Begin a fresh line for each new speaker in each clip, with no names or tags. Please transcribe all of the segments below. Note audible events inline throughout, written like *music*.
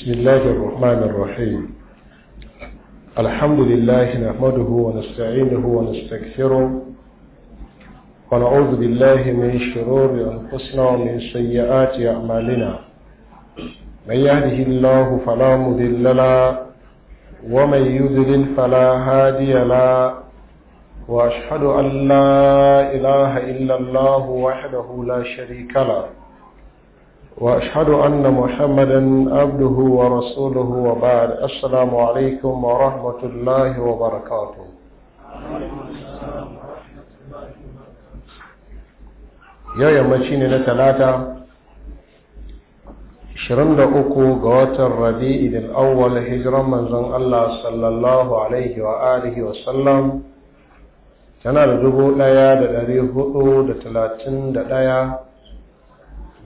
بسم الله الرحمن الرحيم الحمد لله نحمده ونستعينه ونستكثره ونعوذ بالله من شرور أنفسنا ومن سيئات أعمالنا من يهده الله فلا مذل له ومن يذلل فلا هادي له وأشهد أن لا إله إلا الله وحده لا شريك له وأشهد أن محمدا عبده ورسوله وبعد السلام عليكم ورحمة الله وبركاته يا يمشيني لثلاثة uku ga watan rabi'i da awwal hijiran manzon Allah sallallahu alaihi wa alihi wa sallam tana da dubu ɗaya da ɗari hudu da talatin da ɗaya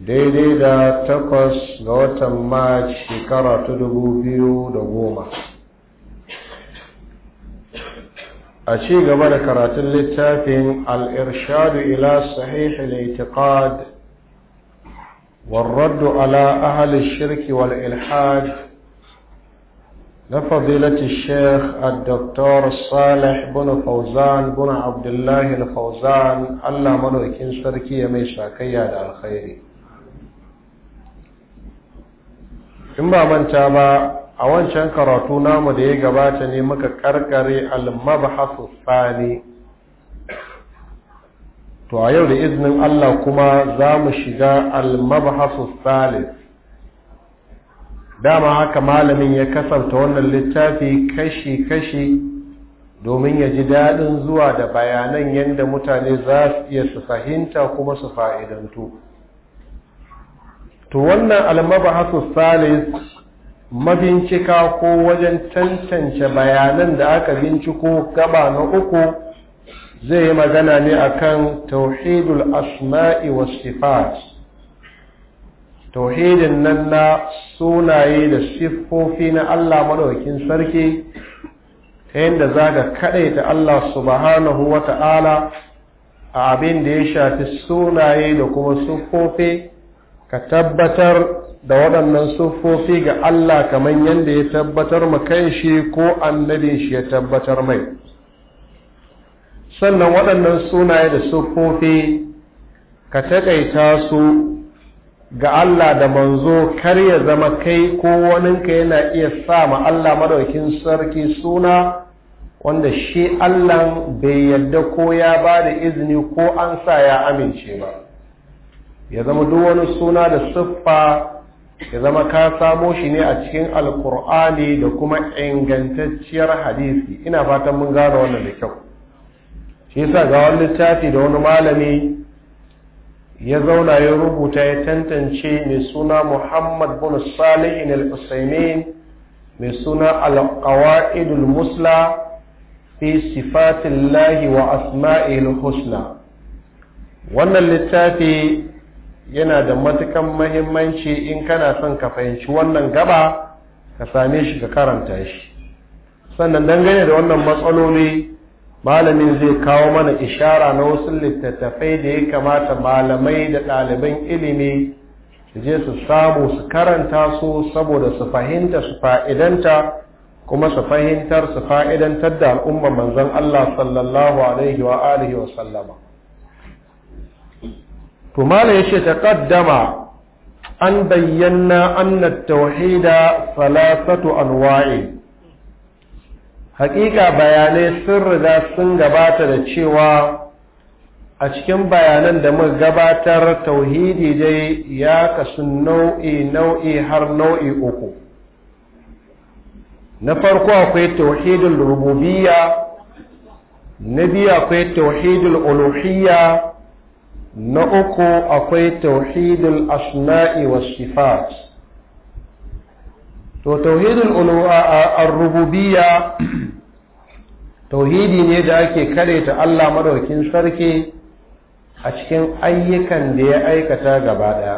daidai da takwas ga watan Mac shekara ta dubu biyu da goma a ci gaba da karatun littafin al’irshadu ila sahih al’itikad warraddu ala ahli shirki wal ilhad na fadilati sheikh a doktor salih bin fauzan bin abdullahi al-fauzan allah madaukin sarki ya mai shakayya da alkhairi in ba manta ba a wancan karatu namu da ya gabata ne muka karkare al-mabhasu tsani to a yau da iznin Allah kuma za mu shiga al-mabhasu thalith dama haka malamin ya kasanta wannan littafi kashi-kashi domin ya ji daɗin zuwa da bayanan yadda mutane za su iya su fahimta kuma su fa'idantu to wannan almabahasu salis mabincika ko wajen tantance bayanan da aka binciko gaba na uku zai yi magana ne akan tauhidul asma'i was sifat tauhidin nan na sunaye da siffofi na Allah maɗaukin sarki ta yadda za ka kaɗaita Allah subhanahu wa ta'ala a abin da ya shafi sunaye da kuma siffofi ka tabbatar da waɗannan siffofi ga Allah kamar yadda ya tabbatar ma shi ko annabin shi ya tabbatar mai sannan waɗannan sunaye da siffofi ka taƙaita su ga Allah da manzo kar ya zama kai ko waninka yana iya sa ma Allah madaukin sarki suna wanda shi Allah bai yarda ko ya ba da izini ko an sa ya amince ba ya zama duk wani suna da siffa ya zama ka samo shi ne a cikin alkur'ani da kuma ingantacciyar hadisi ina fatan mun gane wannan da kyau shi yasa ga wani littafi da wani malami ya zauna ya rubuta ya tantance mai suna muhammad bin salihin al-usaimin mai suna al-qawaidul musla fi sifatillahi wa asma'il husna wannan littafi yana da matukan mahimmanci in kana son ka fahimci wannan gaba ka same shi ka karanta shi sannan dangane da wannan matsaloli malamin zai kawo mana ishara na wasu littattafai da ya kamata malamai da ɗaliban ilimi su je su samu su karanta su saboda su fahimta su fa'idanta kuma su fahimtar su fa'idantar da al'umman manzon Allah sallallahu alaihi wa sallama to mala yace taqaddama an bayyana anna tauhida salasatu anwa'i haƙiƙa bayanai sun riga sun gabata da cewa a cikin bayanan da muka gabatar tauhidi dai ya kasu nau'i nau'i har nau'i uku na farko akwai tauhidul rububiyya na biyu akwai tauhidul uluhiyya na uku akwai tauhidul asna'i wa sifat to tauhidul rububiyya *clears throat* tauhidi ne da ake kareta Allah madaukin sarki a cikin ayyukan da ya aikata gaba ɗaya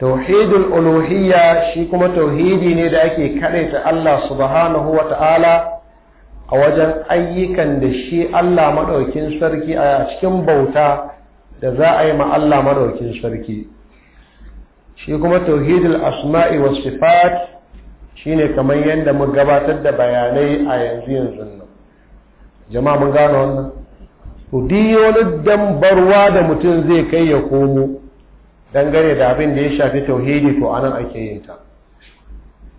tauhidul uluhiyya shi kuma tauhidi ne da ake kareta Allah subhanahu wa ta'ala a wajen ayyukan da shi Allah maɗaukin sarki a cikin bauta da za a yi ma Allah maɗaukin sarki shi kuma tauhidul asma'i was sifat shine kamar yadda mu gabatar da bayanai a yanzu yanzu nan jama'a mun gano wannan to wani dambarwa da mutum zai kai ya komo dangane da abin da ya shafi tauhidi to anan ake yin ta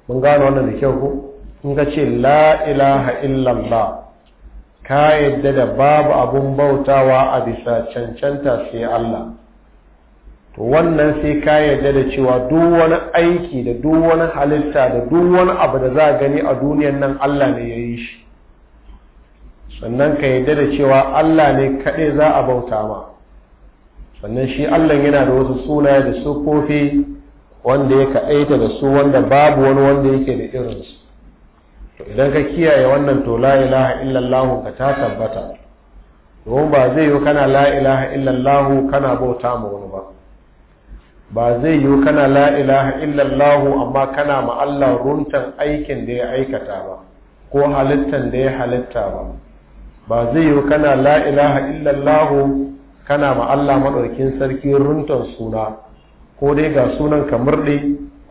mun gano wannan da kyau ko in ka ce la ilaha illallah ka yadda da babu abun bautawa a bisa cancanta sai Allah to wannan sai ka yarda da cewa duk aiki da duk halitta da duk abu da za a gani a duniyan nan Allah ne ya yi shi sannan ka yarda da cewa Allah ne kaɗai za a bauta ma sannan shi Allah yana da wasu suna da sufofi wanda ya ka'aita da su wanda babu wani wanda yake da irinsu idan ka kiyaye wannan to la ilaha illallah ka ta tabbata domin ba zai yi kana la ilaha illallah kana bauta ma wani ba ba zai yi kana la ilaha illallah amma kana ma Allah runtan aikin da ya aikata ba ko halittan da ya halitta ba ba zai yi kana la ilaha illallah kana ma Allah madaukin sarki runtan suna ko dai ga sunan ka murde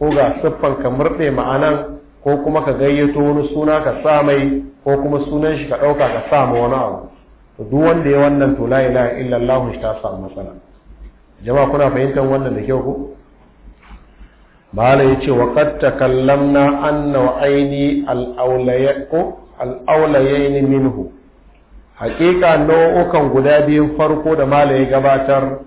ko ga siffan ka murde ma'anan ko kuma ka gayyato wani suna ka sa mai ko kuma sunan shi ka ɗauka ka sa ma wani abu to duk wanda ya wannan to la ilaha illallah shi ta samu matsala jama'a kuna fahimtar wannan da kyau ko mala yace wa qad takallamna anna wa aini al minhu haƙiƙa nau'ukan guda biyun farko da mala ya gabatar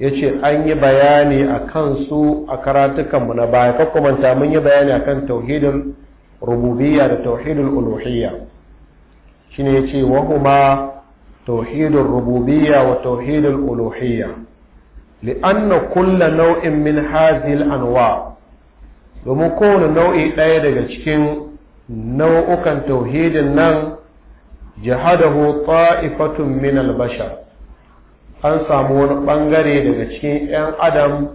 ya ce an yi bayani a kansu a karatukanmu na baya kakkumanta mun yi bayani a kan tauhidin rububiyya da tauhidin uluhiyya shi ne ya ce wahuma tauhidin rububiyya wa tauhidin uluhiyya li'anna kulla nau'in min hazil anwa domin kowane nau'i ɗaya daga cikin nau'ukan tauhidin nan jihadahu ta'ifatun min albashar an samu wani ɓangare daga cikin 'yan adam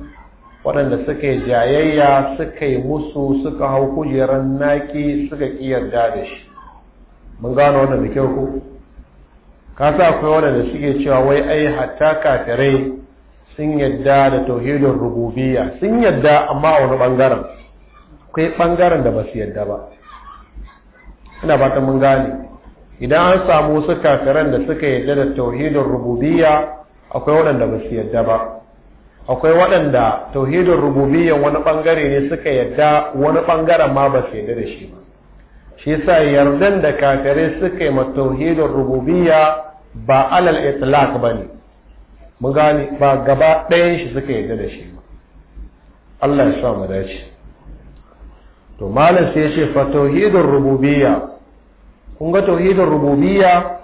waɗanda suka yi jayayya suka yi musu suka hau kujerar naki suka yarda da shi mun gano wanda da kyau ku sa akwai waɗanda suke cewa wai ai hatta kafirai sun yadda da tauhidin rububiyya sun yadda amma a wani ɓangaren akwai ɓangaren da ba su yadda ba ina fatan mun gane idan an samu wasu kafiran da suka yadda da tauhidin rububiyya akwai waɗanda ba su yadda ba akwai waɗanda tauhidin rububiyyan wani ɓangare ne suka yadda wani ɓangaren ma ba su yadda da shi ba shi sa yardan da kafirai suka yi ma tauhidin rububiyya ba alal itlaq ba ne mun gane ba gaba ɗayan shi suka yadda da shi ba Allah ya sa mu dace to malam sai ya ce fa tauhidin rububiyya kun ga tauhidin rububiyya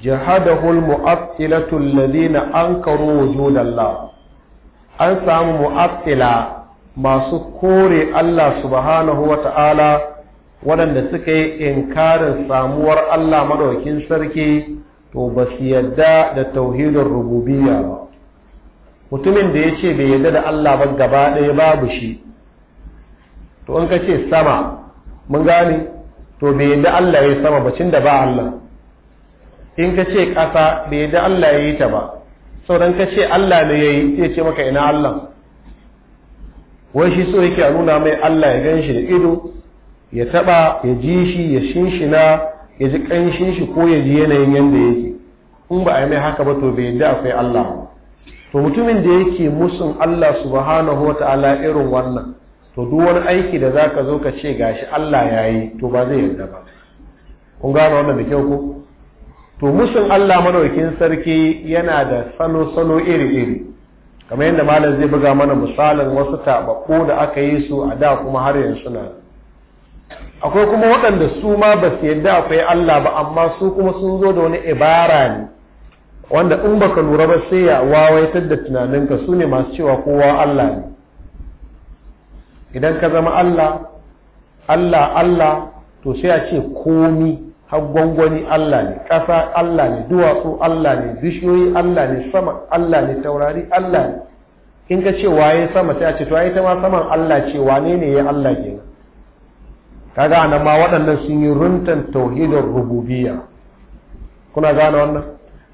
jahadahu al-mu'attilatu alladhina ankaru wujudallah an samu mu'attila masu kore Allah subhanahu wa ta'ala waɗanda suka yi inkarin samuwar Allah maɗaukin sarki to ba su da tauhidin rububiyya ba mutumin da ya ce bai yadda da Allah ba gaba ɗaya babu shi to in ka ce sama mun gane to bai yadda Allah ya sama bacin da ba Allah in ka ce ƙasa bai da Allah ya yi ta ba sauran ka ce Allah ne ya yi ya ce maka ina Allah wai shi so yake a nuna mai Allah ya gan shi da ido ya taɓa ya ji shi ya shinshina ya ji ƙanshin shi ko ya ji yanayin yadda yake in ba a yi mai haka ba to bai yadda akwai Allah to mutumin da yake musun Allah subhanahu wa ta'ala irin wannan to duk wani aiki da zaka zo ka ce ga shi Allah ya yi to ba zai yadda ba kun gane wannan da kyau ko to mushin Allah madaukin sarki yana da sano salo iri-iri kamar yadda malam zai buga mana misalin wasu taɓaɓɓu da aka yi su a da kuma har yanzu na akwai kuma waɗanda su ma ba su yadda akwai Allah ba amma su kuma sun zo da wani ibara ne wanda in baka lura ba sai ya wawaitar da tunaninka su ne masu cewa kowa Allah ne idan ka zama Allah Allah Allah to sai a ce komi har gwangwani Allah ne ƙasa Allah ne duwatsu Allah ne bishiyoyi Allah ne sama Allah ne taurari Allah ne in ka ce waye sama sai a ce to ai ta ma saman Allah ce wane ne ya Allah kenan kaga anan ma waɗannan sun yi runtan tauhidin rububiyya kuna gane wannan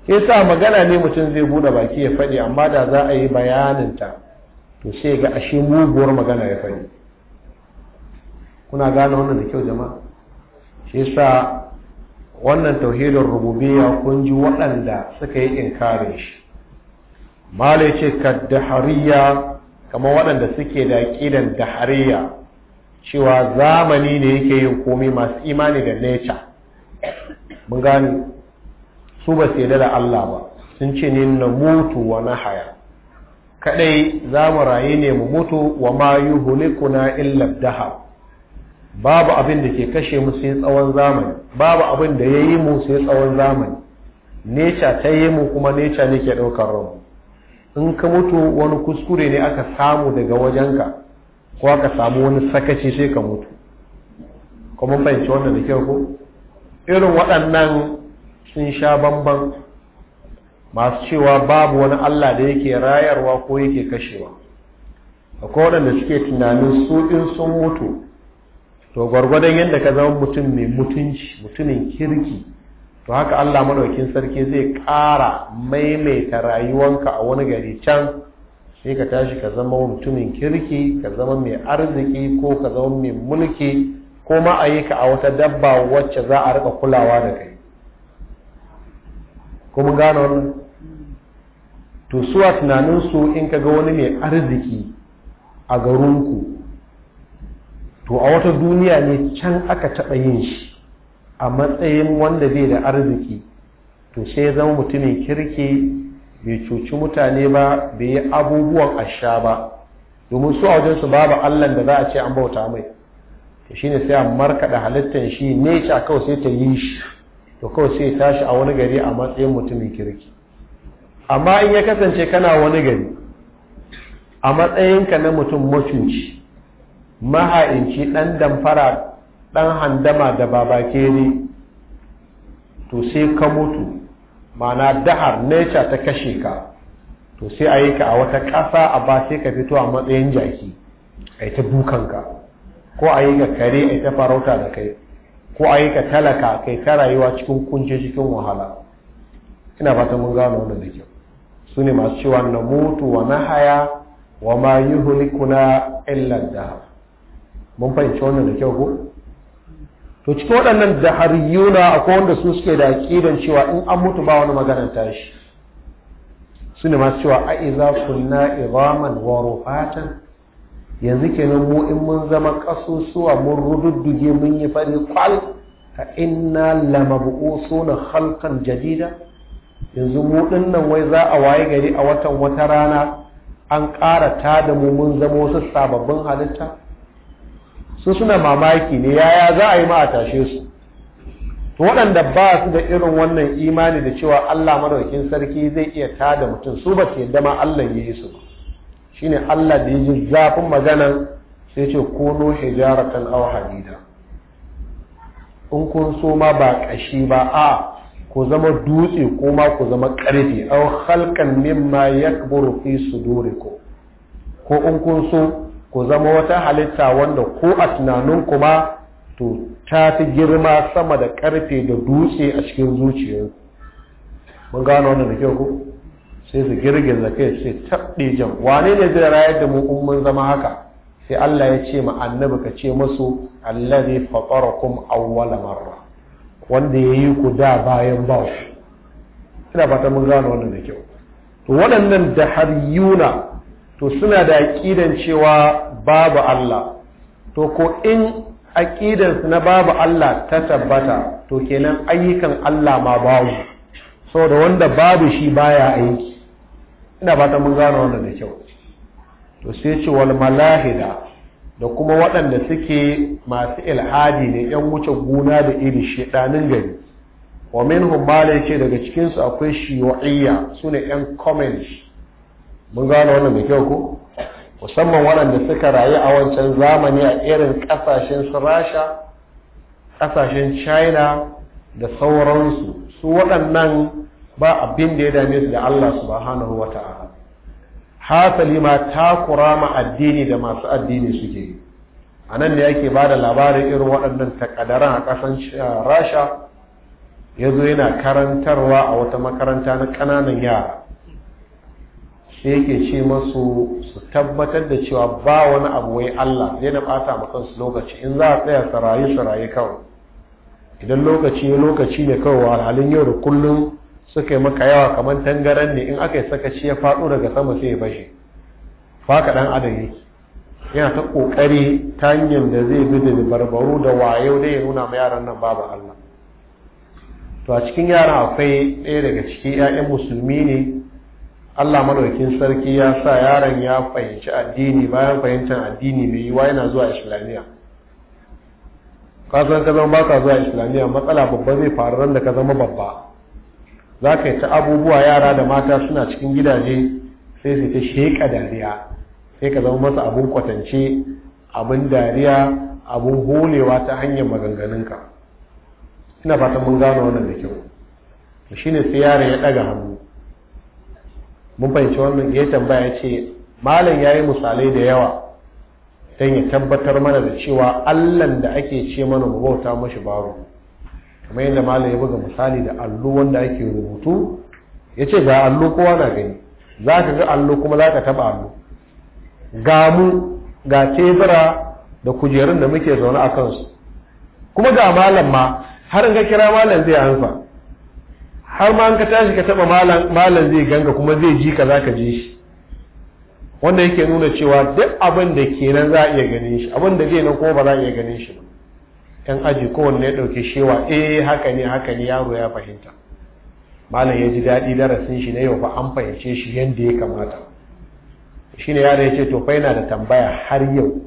yasa magana ne mutum zai bude baki ya faɗi amma da za a yi bayanin ta to sai ga ashe muguwar magana ya faɗi kuna gane wannan da kyau jama'a shi yasa wannan tauhidin rububiyya kun ji waɗanda suka yi inkarin shi mala ce dahariya kamar waɗanda suke da ƙidan dahariya cewa zamani ne yake yin komai masu imani da nature mun gani su ba su yarda da Allah ba sun ce ni na mutu wa na haya Kaɗai za mu raye ne mu mutu wa ma yuhlikuna illa dahar babu abin da ke kashe mu sai tsawon zamani babu abin da ya yi mu sai tsawon zamani neca ta yi mu kuma neca ne ke ɗaukar ranmu in ka mutu wani kuskure ne aka samu daga wajenka ko aka samu wani sakaci sai ka mutu kuma fahimci wannan da kyau ko irin waɗannan sun sha bamban masu cewa babu wani allah da yake rayarwa ko yake kashewa akwai waɗanda suke tunanin su in sun mutu to gwargwadon yadda ka zama mutum mai mutunci mutumin kirki to haka Allah maɗaukin sarki zai ƙara maimaita rayuwanka a wani gari can sai ka tashi ka zama mutumin kirki ka zama mai arziki ko ka zama mai mulki ko ma a yi ka a wata dabba wacce za a rika kulawa da kai kuma gano wannan to a tunaninsu in ka ga wani mai arziki a garinku to a wata duniya ne can aka taɓa yin shi a matsayin wanda bai da arziki to sai ya zama mutumin kirki bai cuci mutane ba bai yi abubuwan asha ba domin su a wajen su babu allan da za a ce an bauta mai to shine sai a markaɗa halittar shi ne a kawai sai ta yi shi to kawai sai tashi a wani gari a matsayin mutumin kirki amma in ya kasance kana wani gari a matsayinka na mutum macuci maha'inci ɗan damfara ɗan handama da babake ne to sai ka mutu ma'ana dahar nature ta kashe ka to sai a yi ka a wata ƙasa a ba sai ka fito a matsayin jaki a yi ta dukanka ko a yi ka kare a yi ta farauta da kai ko a yi ka talaka kai ta rayuwa cikin kunce cikin wahala ina fata mun gano wannan da kyau su ne masu cewa na mutu wa na haya wa ma yuhlikuna illa dahar mun fahimci wannan da kyau ko to cikin waɗannan da har hariyuna akwai wanda su suke da aƙidan cewa in an mutu ba wani maganar tashi su ne masu cewa a iza kunna izaman wa rufatan yanzu kenan mu in mun zama kasusuwa mun rududduge mun yi fari kwal a inna suna halkan jadida yanzu mu dinnan wai za a waye gari a watan wata rana an ƙara ta da mu mun zama wasu sababbin halitta su suna mamaki ne yaya za a yi ma a tashe su to waɗanda ba su da irin wannan imani da cewa Allah madaukakin sarki zai iya tada mutum su ba su yadda ma Allah ya yi su ba shine Allah da ya ji zafin maganan sai ce kono hijaratan aw hadida in kun so ma ba kashi ba a ku zama dutse ko ma ku zama karfi aw khalqan mimma yakburu fi sudurikum ko in kun so ku zama wata halitta wanda ko a tunaninku ma to ta fi girma sama da karfe da dutse a cikin zuciyarku mun gano wannan da kyau ku sai su girgiza kai sai taɓe jan wane ne zai rayar da mu in mun zama haka sai Allah ya ce ma annabi ka ce musu allazi fatarakum awwala marra wanda ya yi ku da bayan ba ina fata mun gano wannan da kyau to waɗannan da har yuna to suna da aƙidan cewa babu Allah to ko in aƙidansu na babu Allah ta tabbata to kenan ayyukan Allah ma babu saboda wanda babu shi baya aiki ina ta mun gano wannan da kyau to sai ce wal malahida da kuma waɗanda suke masu ilhadi ne yan wuce gona da iri shedanin gari wa min ma ce daga cikin su akwai su sune yan comments mun gane wannan da kyau ko musamman waɗanda suka rayu a wancan zamani a irin ƙasashen su rasha ƙasashen china da sauransu su waɗannan ba abin da ya dame su da allah su hannun wata a hasali ma takura ma addini da masu addini suke a nan da yake ba da labarin irin waɗannan takadaran a ƙasan rasha ya zo yana karantarwa a wata makaranta na ƙananan yara sai yake ce masu su tabbatar da cewa ba wani abu wai Allah zai na bata ma kansu lokaci in za a tsaya saraye saraye kawai idan lokaci ya lokaci ne kawai halin yau da kullum suka yi maka yawa kamar tangaran ne in aka yi sakaci ya faɗo daga sama sai ya bashe faka ɗan adam yana ta ƙoƙari ta hanyar da zai bi da barbaro da wayo dai ya nuna ma yaran nan babu Allah to a cikin yaran akwai ɗaya daga ciki 'ya'yan musulmi ne Allah madaukin sarki ya sa yaron ya fahimci addini bayan fahimtar addini mai yiwa yana zuwa islamiyya Kasan ka zama baka zuwa islamiyya matsala babba zai faru ran da ka zama babba za ka yi ta abubuwa yara da mata suna cikin gidaje sai su ta sheƙa dariya sai ka zama masa abin kwatance abin dariya abin holewa ta hanyar maganganunka ina fatan mun gano wannan da kyau shine sai yaron ya ɗaga hannu mun fahimci wannan ya tambaya ya ce malam ya yi misalai da yawa don ya tabbatar mana da cewa allan da ake ce mana mu bauta mashi baro kamar yadda malam ya buga misali da allo wanda ake rubutu ya ce ga allo kowa na gani za ka ga allo kuma za ka taɓa allo ga mu ga tebura da kujerun da muke zaune a kansu kuma ga malam ma har ga kira malam zai ansa har ma an ka tashi ka taba malam zai ganga kuma zai ji ka zaka ji shi wanda yake nuna cewa duk abin da kenan za a iya ganin shi abin da zai nan kuma ba za a iya ganin shi ba yan aji kowanne ya ɗauki shewa eh haka ne haka ne yaro ya fahimta malam ya ji daɗi darasin shi na yau fa an fahimce shi yadda ya kamata shine yaro ya ce to fa yana da tambaya har yau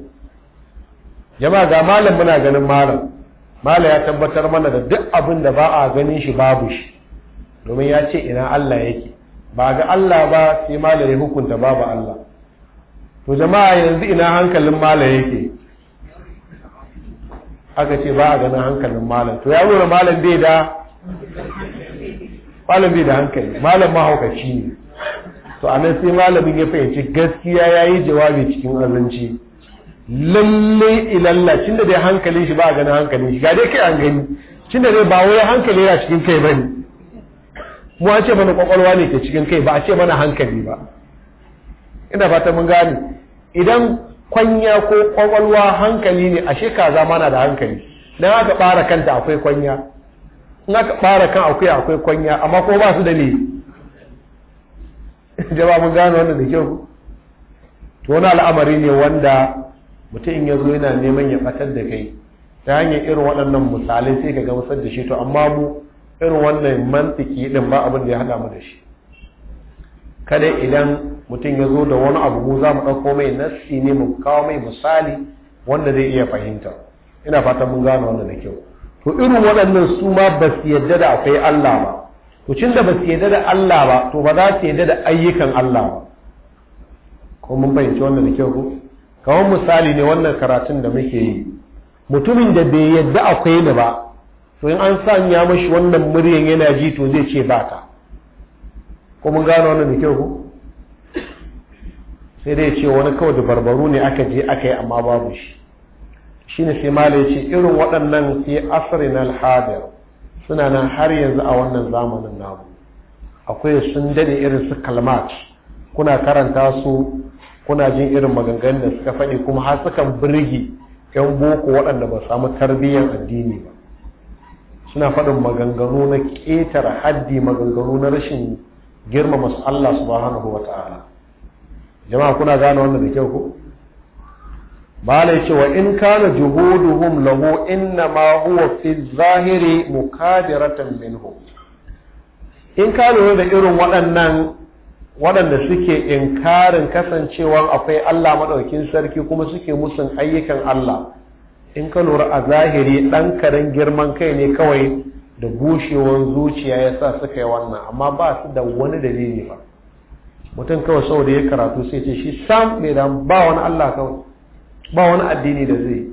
jama'a ga malam muna ganin malam malam ya tabbatar mana da duk abin da ba a ganin shi babu shi domin ya ce ina Allah yake ba ga Allah ba sai malam ya hukunta babu Allah to jama'a yanzu ina hankalin malam yake aka ce ba a ganin hankalin malam to ya nuna malam bai da malam bai da hankali malam mahaukaci ne to a nan sai malamin ya fahimci gaskiya ya yi jawabi cikin azanci lalle ilalla cin da dai hankalin shi ba a ganin hankalin shi ga dai kai an gani cin da dai ba wai hankali ya cikin kai bane mu an ce mana kwakwalwa ne ke cikin kai ba a ce mana hankali ba ina ta mun gane idan kwanya ko kwakwalwa hankali ne ashe kaza mana da hankali dan aka ɓara kanta akwai kwanya in aka ɓara kan akwai akwai kwanya amma ko ba su da ne *laughs* jama'a mun gane wannan da kyau to wani al'amari ne wanda mutum in ya zo yana neman ya fatar da kai ta hanyar irin waɗannan misalai sai ka gamsar da shi to amma mu irin wannan mantiki din ba abin da ya hada mu da shi kada idan mutum ya zo da wani abu mu za mu ɗauko mai nassi ne mu kawo mai misali wanda zai iya fahimta ina fatan mun gane wanda da kyau to irin waɗannan su ma ba su yadda da akwai Allah ba to cin da ba su yadda da Allah ba to ba za su yadda da ayyukan Allah ba ko mun fahimci wannan da kyau ko kawai misali ne wannan karatun da muke yi mutumin da bai yadda akwai ni ba to in an sa ya mashi wannan muryan yana ji to zai ce ba ka ko mun gano wannan da kyau ko sai dai ce wani kawai da barbaru ne aka je aka yi amma babu shi shine sai mala ya ce irin waɗannan fi asrin alhadir suna nan har yanzu a wannan zamanin namu akwai sun dade irin su kalmat kuna karanta su kuna jin irin maganganu da suka faɗi kuma har sukan birgi yan boko waɗanda ba samu tarbiyyar addini ba suna faɗin maganganu na ƙetare haddi maganganu na rashin girmama Allah subhanahu wa ta'ala jama'a kuna gane wannan da kyau ku? malai yake wa in kana juhuduhum lahu inna ma huwa fi zahiri mukadiratan minhu in ka lura da irin waɗannan waɗanda suke inkarin kasancewa akwai Allah maɗaukin sarki kuma suke musun ayyukan Allah in ka lura a zahiri ɗan karen girman kai ne kawai da bushewar zuciya ya sa suka yi wannan amma ba su da wani dalili ba mutum kawai saboda ya karatu sai ce shi sam mai da ba wani allah kawai ba wani addini da zai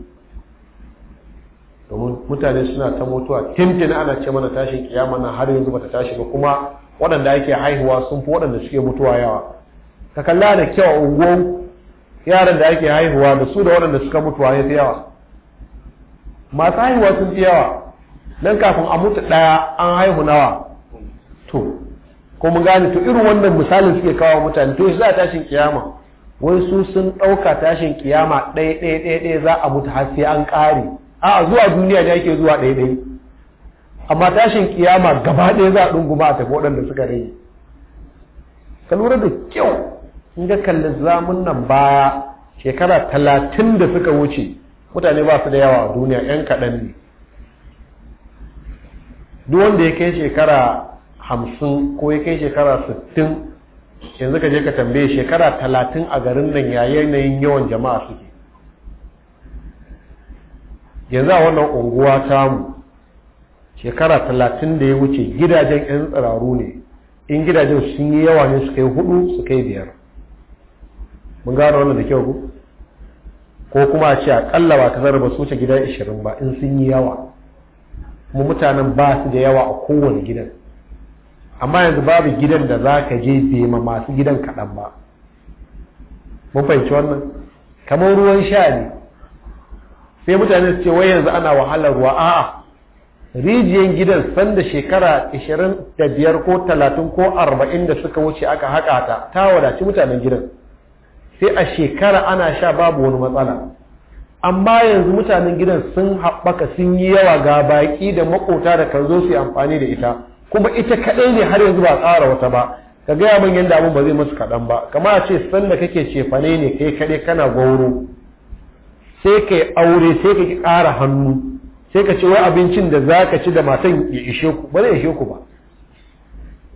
domin mutane suna ta mutuwa tintin ana ce mana tashin kiyama na har yanzu bata tashi ba kuma waɗanda ake haihuwa sun fi waɗanda suke mutuwa yawa ka kalla da kyau unguwan yaran da ake haihuwa da su da waɗanda suka mutuwa ya fi yawa masu haihuwa sun fi yawa nan kafin a mutu ɗaya an haihu nawa to ko mun gane to irin wannan misalin suke kawo mutane to shi za a tashin kiyama wai su sun ɗauka tashin kiyama ɗaya ɗaya ɗaya ɗaya za a mutu har sai an ƙare a zuwa duniya ne ake zuwa ɗaya ɗaya amma tashin kiyama gaba ɗaya za a ɗunguma a tafi waɗanda suka rage ka da kyau in ga kalli zamun nan baya shekara talatin da suka wuce mutane ba su da yawa a duniya yan kaɗan ne duk wanda ya kai shekara hamsin ko ya kai shekara sittin yanzu ka je ka tambaye shekara talatin a garin nan ya yanayin yawan jama'a suke yanzu a wannan unguwa tamu shekara talatin da ya wuce gidajen 'yan tsiraru ne in gidajen sun yi yawa ne suka yi hudu suka yi biyar mun gano wannan da kyau ku ko kuma a ce akalla ba ta zarra ba su wuce gida 20 ba in sun yi yawa kuma mutanen ba su da yawa a kowane gidan amma yanzu babu gidan da za ka je bai ma masu gidan kaɗan ba mun fahimci wannan kamar ruwan sha ne sai mutane su ce wai yanzu ana wahalar ruwa a'a rijiyan gidan sanda shekara 25 ko 30 ko 40 da suka wuce aka haƙata, ta ta wadaci mutanen gidan sai a shekara ana sha babu wani matsala amma yanzu mutanen gidan sun haɓaka sun yi yawa ga baƙi da maƙota da kan zo su yi amfani da ita kuma ita kaɗai ne har yanzu ba tsara wata ba ka gaya min yadda abin ba zai musu kaɗan ba Kamar a ce sanda kake cefane ne kai kaɗai kana gwauro sai ka yi aure sai ka ƙara hannu sai ka ce wai abincin da za ka ci da matan ya ishe ku ba zai ishe ku ba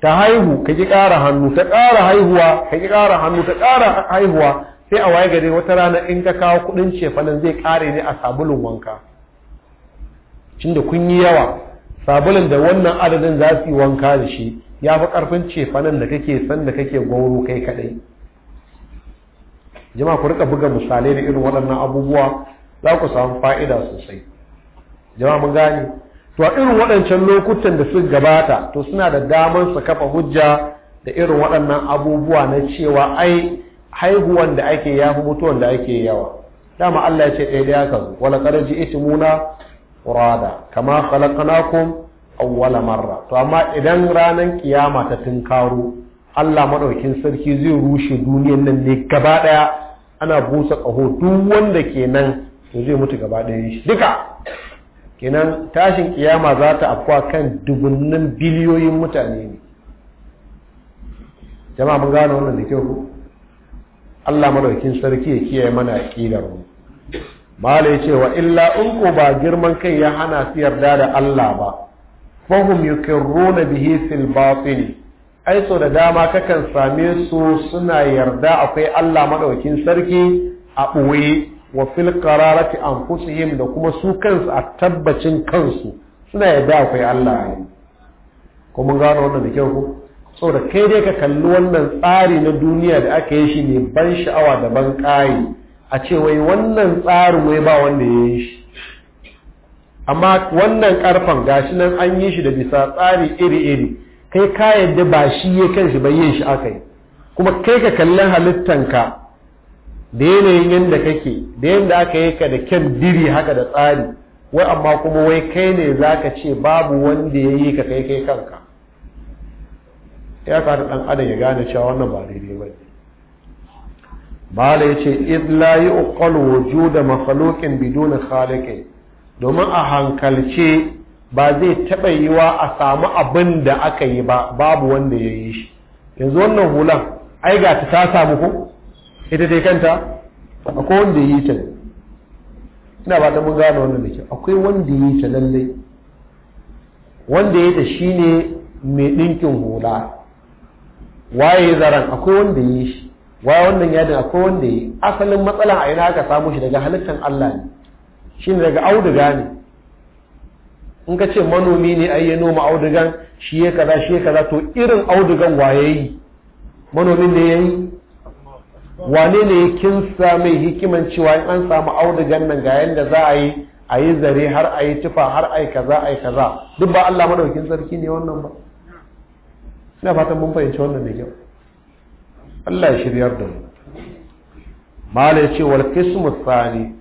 ta haihu ka ki ƙara hannu ta ƙara haihuwa ka ki ƙara hannu ta ƙara haihuwa sai a waye gari wata rana in ka kawo kuɗin cefanen zai ƙare ne a sabulun wanka da kun yi yawa sabulun da wannan adadin za su yi wanka da shi ya fi ƙarfin cefanen da kake san da kake gwauro kai kaɗai jama'a ku rika buga misalai da irin waɗannan abubuwa za ku samu fa'ida sosai jama'a mun gane to a irin waɗancan lokutan da suka gabata to suna da damar su kafa hujja da irin waɗannan abubuwa na cewa ai haihuwan da ake yafi mutuwan da ake yawa dama Allah ya ce ɗaya da yakan wala ita muna urada kama khalaqnakum awwala marra to amma idan ranar kiyama ta tunkaro Allah madaukin sarki zai rushe duniyar nan ne gaba daya ana busa kaho duk wanda nan, to zai mutu gaba daya shi duka kenan tashin kiyama za ta kan dubunnan biliyoyin mutane ne jama'a mun gano wannan da kyau Allah madaukin sarki ya kiyaye mana aqidar mu mala yace wa illa in ko ba girman kai ya hana su yarda da Allah ba fahum yukirruna bihi fil batil ai so da dama kakan same su suna yarda akwai Allah madaukin sarki a ɓoye wa fil qararati anfusihim da kuma su kansu a tabbacin kansu suna yadda akwai Allah ne ko mun gano wannan da kyau ko saboda kai dai ka kalli wannan tsari na duniya da aka yi shi ne ban sha'awa da ban ƙayi a ce wai wannan tsari wai ba wanda ya yi shi amma wannan ƙarfan gashi nan an yi shi da bisa tsari iri-iri kai ka yadda ba shi ya kan shi ba yin shi aka yi kuma kai ka kalli halittanka da yanayin yadda kake da yadda aka yi ka da kyan diri haka da tsari wai amma kuma wai kai ne za ka ce babu wanda ya yi ka kai kai kanka ya kata ɗan adam ya gane cewa wannan ba daidai ba ne bala ya ce id la yi uqalu da mafalokin biduna khalikai domin a hankalce ba zai taɓa yiwa a samu abin da aka yi ba babu wanda ya yi shi yanzu wannan hulan ai ga ta samu ko ita dai kanta akwai wanda ya yi ta ina ba ta mun gane wannan da kyau akwai wanda ya yi ta lallai wanda ya yi ta shi ne mai ɗinkin hula waye zaran akwai wanda ya yi shi waye wannan yadin akwai wanda ya yi asalin matsalan a ina aka samu shi daga halittar Allah ne Shi ne daga auduga ne in ka ce manomi ne ai ya noma audugan shi ya kaza shi ya kaza to irin audugan waye yi manomin da ya yi wane ne kin kinsa hikiman cewa in an samu audugan nan ga yadda za a yi a yi zare har a yi tufa har a yi kaza a yi kaza duk ba Allah madaukin sarki ne wannan ba ina fatan mun fahimci wannan da kyau Allah ya shiryar da mu malai ce wal qismu tsani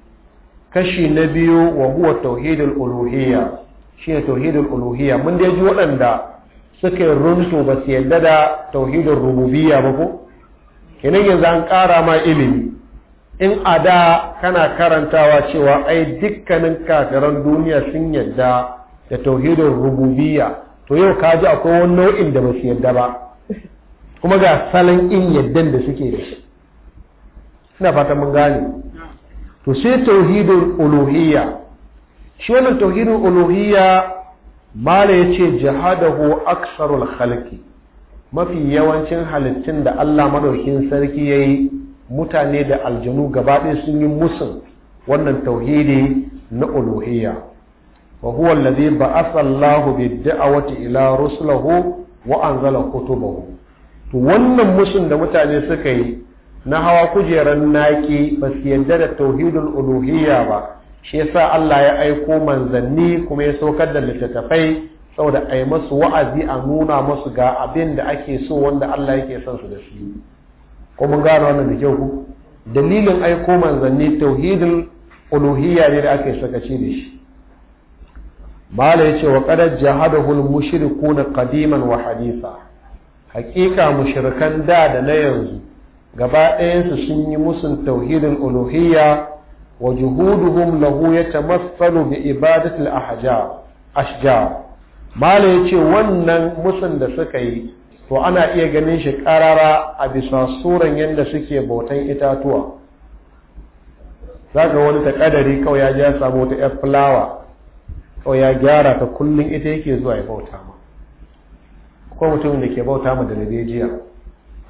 kashi na biyu wa huwa tauhidul uluhiyya shine tauhidul uluhiyya mun da ji waɗanda suka runtu ba su yadda da tauhidul rububiyya ba ko kenan yanzu an ƙara ma ilimi in a da kana karantawa cewa ai dukkanin kafiran duniya sun yadda da tauhidin rububiyya to yau ka ji akwai wani nau'in da ba su yadda ba kuma ga salon in yaddan da suke da shi suna fata mun gane to sai tauhidin uluhiyya shi wannan tauhidin uluhiyya mala yace jihadahu aksarul khalqi mafi yawancin halittun da Allah madaukin sarki ya yi mutane da aljanu gabaɗaya sun yi musun wannan tauhidi na uluhiyya wa huwa allazi ba'atha Allahu bid-da'wati ila rusulahu wa anzala kutubahu to wannan musun da mutane suka yi na hawa kujeran naki ba su yarda da tauhidul uluhiyya ba shi yasa Allah ya aiko manzanni kuma ya saukar da littattafai saboda a yi masu wa'azi a nuna masu ga abin da ake so wanda Allah yake son su da su ko mun gano wannan da kyau dalilin aiko manzanni tauhidul uluhiyya ne da ake sakaci da shi bala yace wa qad al mushrikuna qadiman wa haditha haqiqa mushrikan da da na yanzu gaba ɗayansu sun yi musun tauhidul uluhiyya wa juhuduhum lahu yatamassalu bi al ahjar ashjar mala ya ce wannan musun da suka yi to ana iya ganin shi ƙarara a bisa suran yadda suke bautan itatuwa za ka wani kadari kawai ya ja samu ta yar fulawa kawai ya gyara ta kullum ita yake zuwa ya bauta ma akwai mutumin da ke bauta ma da nabejiya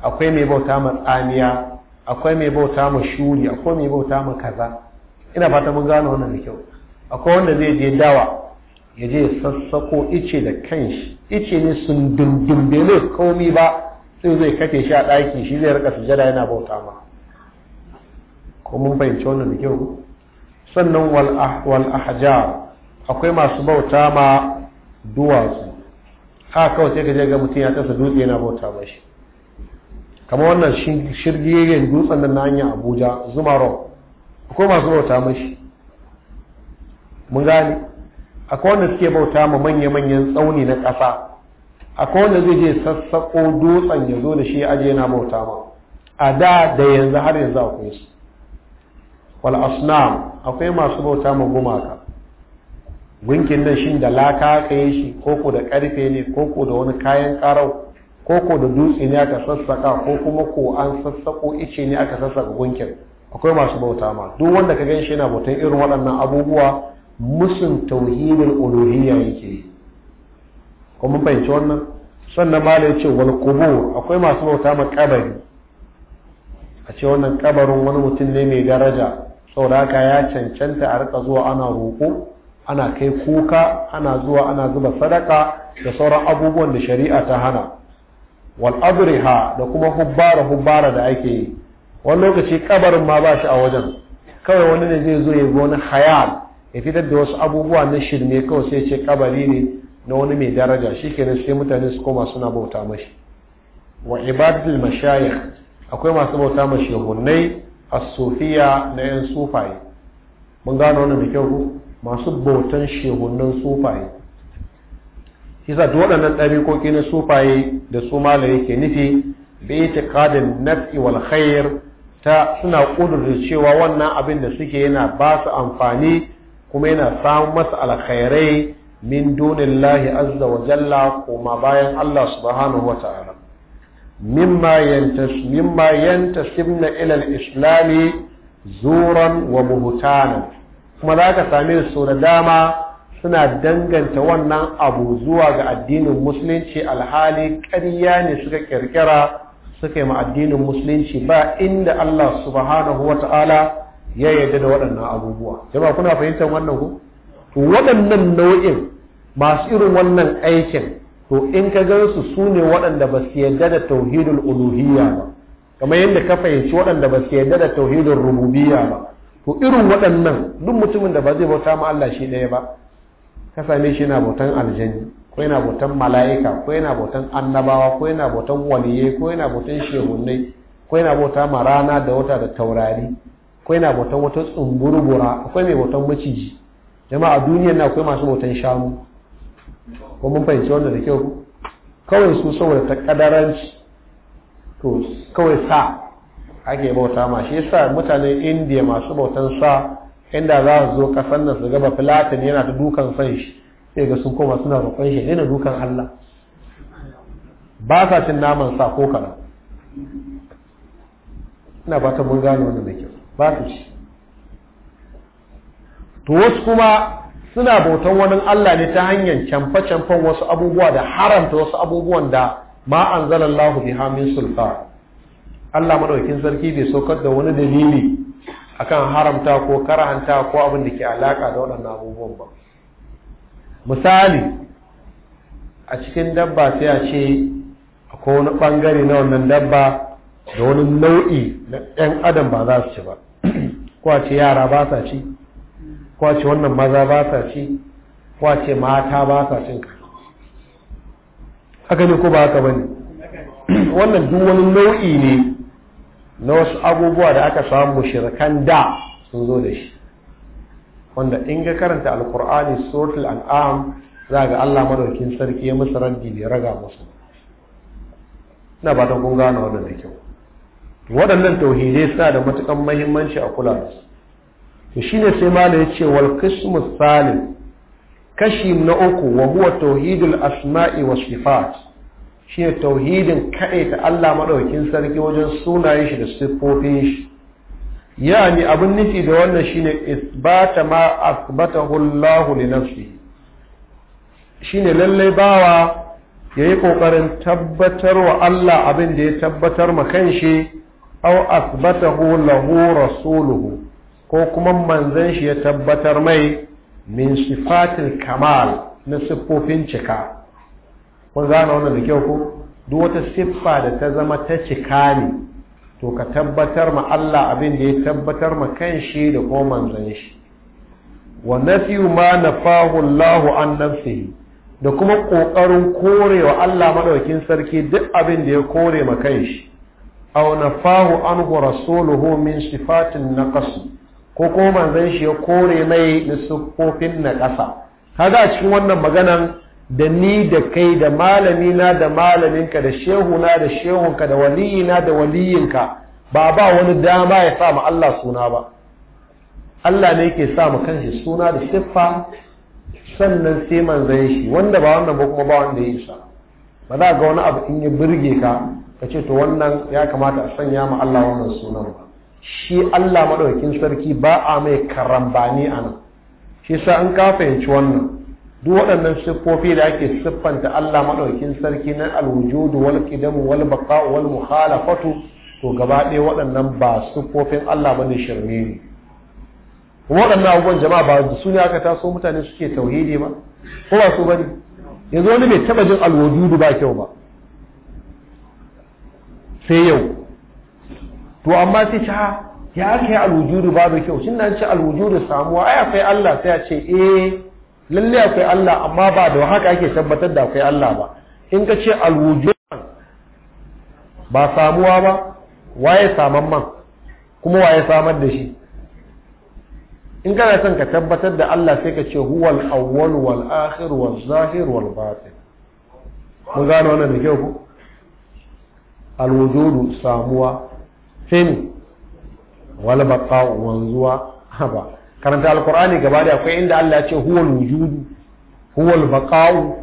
akwai mai bauta ma tsamiya akwai mai bauta ma shuri akwai mai bauta ma kaza ina fata mun gano wannan da kyau akwai wanda zai je dawa ya je sassako ice da kanshi ice ne sun dundumbe ne komi ba sai zai kafe shi a ɗaki shi zai rika sujada yana bauta ma ko mun fahimci wannan da kyau sannan wal ah, ahjar akwai masu bauta ma duwatsu ha kawai sai ka je ga mutum ya tasa dutse yana bauta ma shi kamar wannan shirgiyen dutsen nan na hanya abuja zuma rock akwai masu bauta mashi mun gane akwai wanda suke bauta ma manya-manyan tsauni na ƙasa akwai wanda zai je sassaƙo dutsen ya zo da shi aje yana bauta ma a da da yanzu har yanzu akwai su wal asnam akwai masu bauta ma gumaka gunkin nan shin da laka ka yi shi koko da ƙarfe ne koko da wani kayan ƙarau koko da dutse ne aka sassaƙa ko kuma ko an sassaƙo ice ne aka sassaƙa gunkin akwai masu bauta ma duk wanda ka gan shi yana bautan irin waɗannan abubuwa musun tauhidin uluhiyya yake yi ko mun fahimci wannan sannan ma da ce wal qubur akwai masu bauta ma kabari a ce wannan kabarin wani mutum ne mai daraja saboda haka ya cancanta a rika zuwa ana roƙo ana kai kuka ana zuwa ana zuba sadaka da sauran abubuwan da shari'a ta hana wal abriha da kuma hubbara hubbara da ake yi wani lokaci kabarin ma ba shi a wajen kawai wani ne zai zo ya wani hayal ya fitar da wasu abubuwa na shirme kawai sai ce kabari ne na wani mai daraja shi kenan sai mutane su koma suna bauta mashi wa ibadatul mashayikh akwai masu bauta ma shehunnai as-sufiya na yan sufaye mun gano wannan da kyau masu bautan shehunan sufaye Kisa duk waɗannan ɗabi'o'i na sufaye da su malaye ke nufi bi itiqadin naf'i wal khair ta suna ƙudurin cewa wannan abin da suke yana ba su amfani kuma yana samun masa alkhairai min lahi azza wa jalla kuma bayan Allah subhanahu wa ta'ala mimma yantas mimma yantasibna ila al-islam zuran wa buhtanan kuma zaka same su da dama suna danganta wannan abu zuwa ga addinin musulunci alhali ƙarya ne suka kirkira suka yi ma addinin musulunci ba inda Allah subhanahu wa ta'ala ya yarda da waɗannan abubuwa jama'a kuna fahimtar wannan ku to waɗannan nau'in masu irin wannan aikin to in ka gansu su ne waɗanda ba su yarda da tauhidul uluhiyya ba kamar yadda ka fahimci waɗanda ba su yarda da tauhidul rububiya ba to irin waɗannan duk mutumin da ba zai bauta ma Allah shi ɗaya ba ka same shi yana bautan aljanni ko yana bautan mala'ika ko yana bautan annabawa ko yana bautan waliyai ko yana bautan shehunai ko yana bauta ma rana da wata da taurari akwai na bautan wata tsumburbura akwai mai bautan maciji a duniyar na akwai masu bautan shanu ko mun fahimci wanda da kyau kawai su saboda ta kadaranci to kawai sa ake bauta ma shi yasa mutanen indiya masu bautan sa inda za su zo kasan nan su gaba filatin yana ta dukan san shi sai ga sun koma suna roƙon shi yana dukan allah ba sa cin naman sa ko kaɗan ina bata mun gano wannan da kyau babu to wasu kuma suna bautan wani Allah ne ta hanyar camfe canfan wasu abubuwa da haramta wasu abubuwan da ma an zalallahu bi hamin sulfa Allah madaukin sarki bai saukar da wani dalili akan haramta ko karahanta ko abin da ke alaka da waɗannan abubuwan ba misali a cikin dabba sai a ce akwai wani ɓangare na wannan dabba da wani nau'i na 'yan adam ba za su ci ba kwace yara ba sa ci kwace wannan maza ba sa ci kwace mata ba sa cin haka ne ko ba haka bane *clears throat* wannan duk wani nau'i ne na wasu abubuwa da aka samu shirkan da sun zo da shi wanda in ga karanta alkur'ani suratul an'am za ga Allah madaukin sarki ya musu raddi bai raga musu na ba ta kun gane wannan da kyau waɗannan tauhidai suna da matukan mahimmanci a kula da su to shine sai mala ya ce wal salim kashi na uku wa huwa tauhidul asma'i was sifat shine tauhidin ta Allah maɗaukin sarki wajen sunayen shi da siffofin shi yani abin nufi da wannan ne isbata ma asbatahu Allah li Shi shine lallai bawa yi ƙoƙarin tabbatar wa Allah abin da ya tabbatar ma shi. aw asbatahu lahu rasuluhu ko kuma manzon shi ya tabbatar mai min sifatil kamal na siffofin cika kun gane wannan da kyau ko duk wata siffa da ta zama ta cika ne to ka tabbatar ma Allah abin da ya tabbatar ma kanshi da kuma manzon shi wa nafiyu ma nafahu Allah an nafsihi da kuma kokarin korewa Allah madaukin sarki duk abin da ya kore ma kanshi aw nafahu anhu rasuluhu min sifatin naqas ko ko manzon shi ya kore mai siffofin naqasa kaga a cikin wannan maganan da ni da kai da malami da malaminka da shehu na da shehunka da waliyina da waliyinka ba ba wani dama ya sa ma Allah suna ba Allah ne yake samu ma kanshi suna da siffa sannan sai manzon shi wanda ba wannan ba kuma ba wanda ya isa ba za ga wani abu in ya birge ka ka ce to wannan ya kamata a sanya ma Allah wannan sunan ba shi Allah madaukakin sarki ba a mai karambani a nan shi sa in ka fahimci wannan duk waɗannan siffofi da ake siffanta Allah madaukakin sarki na alwujudu wal qidamu wal baqa'u wal mukhalafatu to gaba ɗaya waɗannan ba siffofin Allah bane shirme ne waɗannan abubuwan jama'a ba su ne aka taso mutane suke tauhidi ba ko ba su bane yanzu wani bai taba jin alwujudu ba kyau ba sai yau to amma sai ci ha ya kai alwujudu babu kyau shin nan ci alwujudu samuwa ai akwai Allah sai a ce eh lalle akwai Allah amma ba da haka ake tabbatar da akwai Allah ba in ka ce alwujudu ba samuwa ba waye saman man kuma waye samar da shi in kana son ka tabbatar da Allah sai ka ce huwal awwal wal akhir wal zahir wal batin mun gano wannan da kyau ko alwujudu samuwa sai ne wal wanzuwa haba karanta alkur'ani gaba da akwai inda Allah ya ce huwal wujudu huwal baqa'u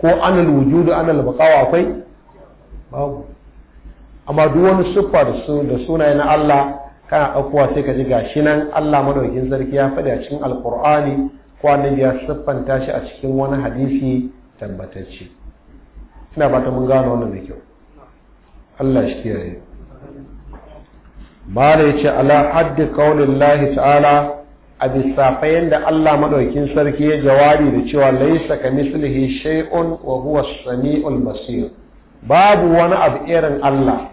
ko anal wujudu anal baqa'u akwai babu amma duk wani siffa da su da sunaye na Allah kana ɗaukowa sai ka ji gashi nan Allah madaukin sarki ya faɗi a cikin alkur'ani ko annabi ya siffanta shi a cikin wani hadisi tabbatacce ina ta mun gano wannan da kyau Allah shi kiyaye ba da yace ala haddi qaulillahi ta'ala a bisa da Allah maɗaukin sarki ya jawabi da cewa laisa ka mislihi shay'un wa huwa samiul basir babu wani abu irin Allah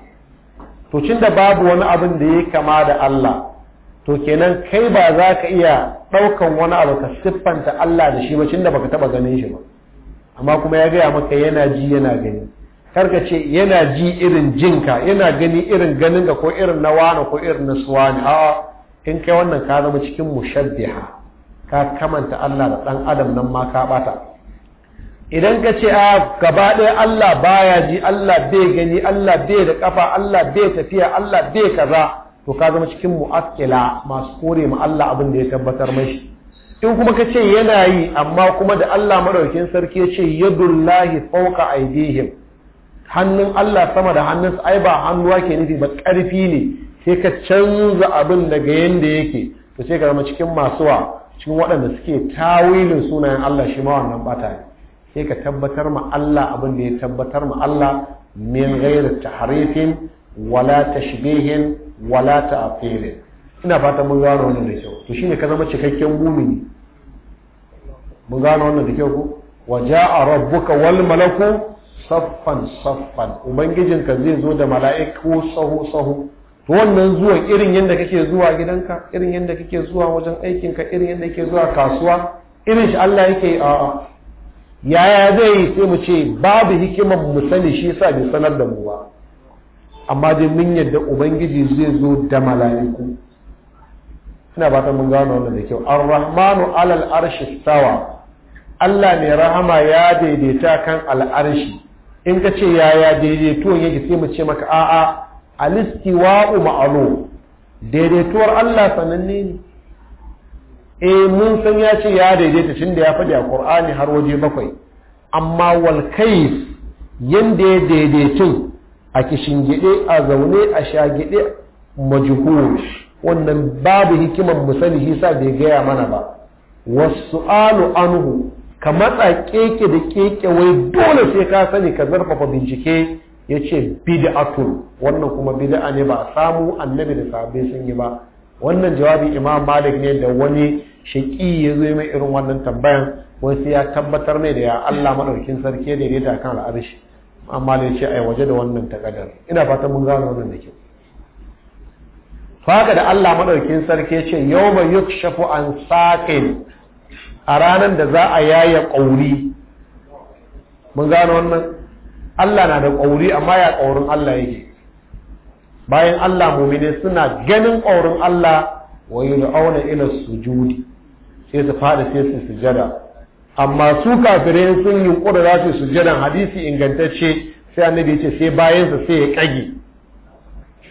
to da babu wani abin da ya kama da Allah to kenan kai ba za ka iya ɗaukan wani abu ka siffanta Allah da shi ba da baka taɓa ganin shi ba amma kuma ya gaya maka yana ji yana gani karka ce yana ji irin jinka yana gani irin ganinka ko irin na wani ko irin na suwa ne a in kai wannan ka zama cikin mushaddiha ka kamanta Allah da ɗan adam nan ma ka bata idan ka ce a gaba ɗaya Allah baya ji Allah bai gani Allah bai da kafa Allah bai tafiya Allah bai kaza to ka zama cikin mu'akkila masu kore ma Allah abin da ya tabbatar mashi in kuma ka ce yana yi amma kuma da Allah madaukin sarki ya ce yadullahi fawqa aydihim hannun Allah sama da hannunsa ai ba hannuwa ke nufi ba ƙarfi ne sai ka canza abin daga yanda yake to sai ka zama cikin masu wa cikin waɗanda suke tawilin sunayen Allah shi ma wannan bata ne sai ka tabbatar ma Allah abin da ya tabbatar ma Allah min ghairi tahrifin wala tashbihin wala ta'tilin ina fata mun gano wannan da kyau to shine ka zama cikakken mumini mun gano wannan da kyau ko wa ja'a rabbuka wal malaku saffan saffan ubangijinka zai zo da mala'iku sahu sahu to wannan zuwan irin yadda kake zuwa gidanka irin yadda kake zuwa wajen aikinka irin yadda kake zuwa kasuwa irin shi Allah yake a yaya zai yi sai mu ce babu hikimar mu sani shi yasa bai sanar da mu ba amma dai mun yadda ubangiji zai zo da mala'iku ina ba ta mun gano wannan da kyau ar-rahmanu alal arshi stawa Allah mai rahama ya daidaita kan al'arshi in ka ce yaya daidaituwan yake sai mu ce maka a'a alistiwa'u ma'alu daidaituwar Allah sananne ne E mun san ya ce ya daidaita tun da ya faɗi a Kur'ani har waje bakwai amma wal kayf yanda ya daidaitun a kishingide a zaune a shagide majhul wannan babu hikiman musali sa bai gaya mana ba wasu alu anhu ka matsa keke da keke wai dole sai ka sani ka zarfafa bincike ya ce bid'atun wannan kuma bid'a ne ba samu annabi da sahabbai sun yi ba wannan jawabin imam malik ne da wani shaki ya zo mai irin wannan tambayan wai sai ya tabbatar mai da ya Allah maɗaukin sarki da ya kan al'arshi amma da ce ai waje da wannan takadar ina fatan mun gano wannan da kyau faga da Allah maɗaukin sarki ya ce yawma yukshafu an saqin a ranar da za a yaya ƙauri mun gano wannan Allah na da ƙauri amma ya ƙaurin Allah yake bayan Allah mumine suna ganin ƙaurin Allah wa yud'auna ila sujudi sai su faɗi sai su sujada amma su kafire sun yunƙura za su sujadan hadisi ingantacce sai annabi ya ce sai su sai ya ƙage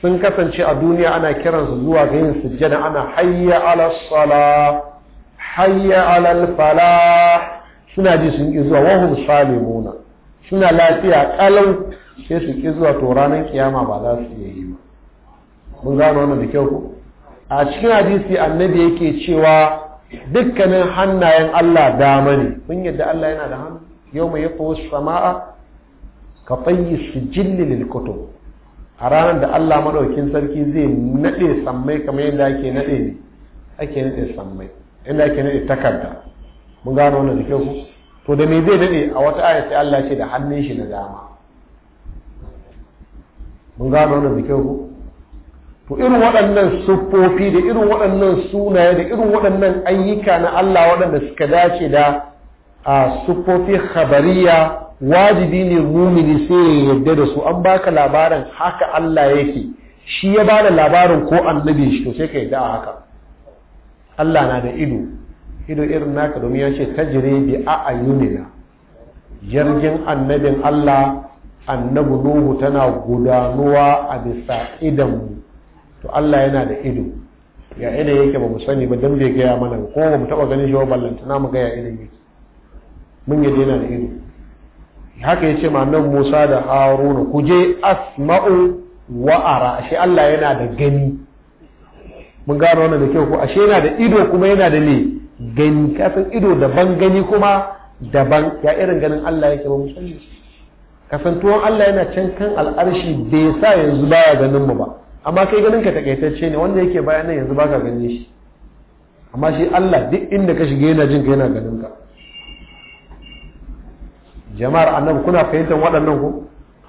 sun kasance a duniya ana kiransu zuwa ga yin sujada ana hayya ala hayya alal falah suna ji sun ki zuwa wahum salimuna suna lafiya kalau sai su ki zuwa to ranar kiyama ba za su yi ba mun gano wannan da kyau ko a cikin hadisi annabi yake cewa dukkanin hannayen Allah dama ne mun yadda Allah yana da hannu yau mai yafa sama'a ka fayi sijilli lil kutub a ranar da Allah madaukin sarki zai naɗe sammai kamar yadda ake naɗe ake nade sammai inda ake nade takarda mun gano wannan da ku to da me zai dade a wata aya sai Allah ce da hannun shi na dama mun gano wannan da ku to irin waɗannan siffofi da irin waɗannan sunaye da irin waɗannan ayyuka na Allah waɗanda suka dace da a sufofi khabariya wajibi ne mumini sai ya yarda da su an baka labarin haka Allah yake shi ya bada labarin ko annabi shi to sai ka yarda haka Allah na da ido ido irin naka domin ya ce tajire bi a ayyunina jirgin annabin Allah annabu Nuhu tana gudanuwa a bisa idanmu to Allah yana da ido ya ina yake ba mu sani ba dan bai gaya mana ko ba mu taba ganin shi ba ballanta na mu ga ya mun yaje yana da ido haka yace ma nan Musa da Haruna ku je asma'u wa ara shi Allah yana da gani mun gano wannan da kyau ko ashe yana da ido kuma yana da me gani kasan ido daban gani kuma daban ya irin ganin Allah yake ba musalli kasantuwan Allah yana can kan al'arshi bai sa yanzu baya ganin mu ba amma kai ganin ka takaitacce ne wanda yake bayan nan yanzu baka ganin shi amma shi Allah duk inda ka shige yana jin ka yana ganin ka jama'ar annabi kuna fahimtar waɗannan ko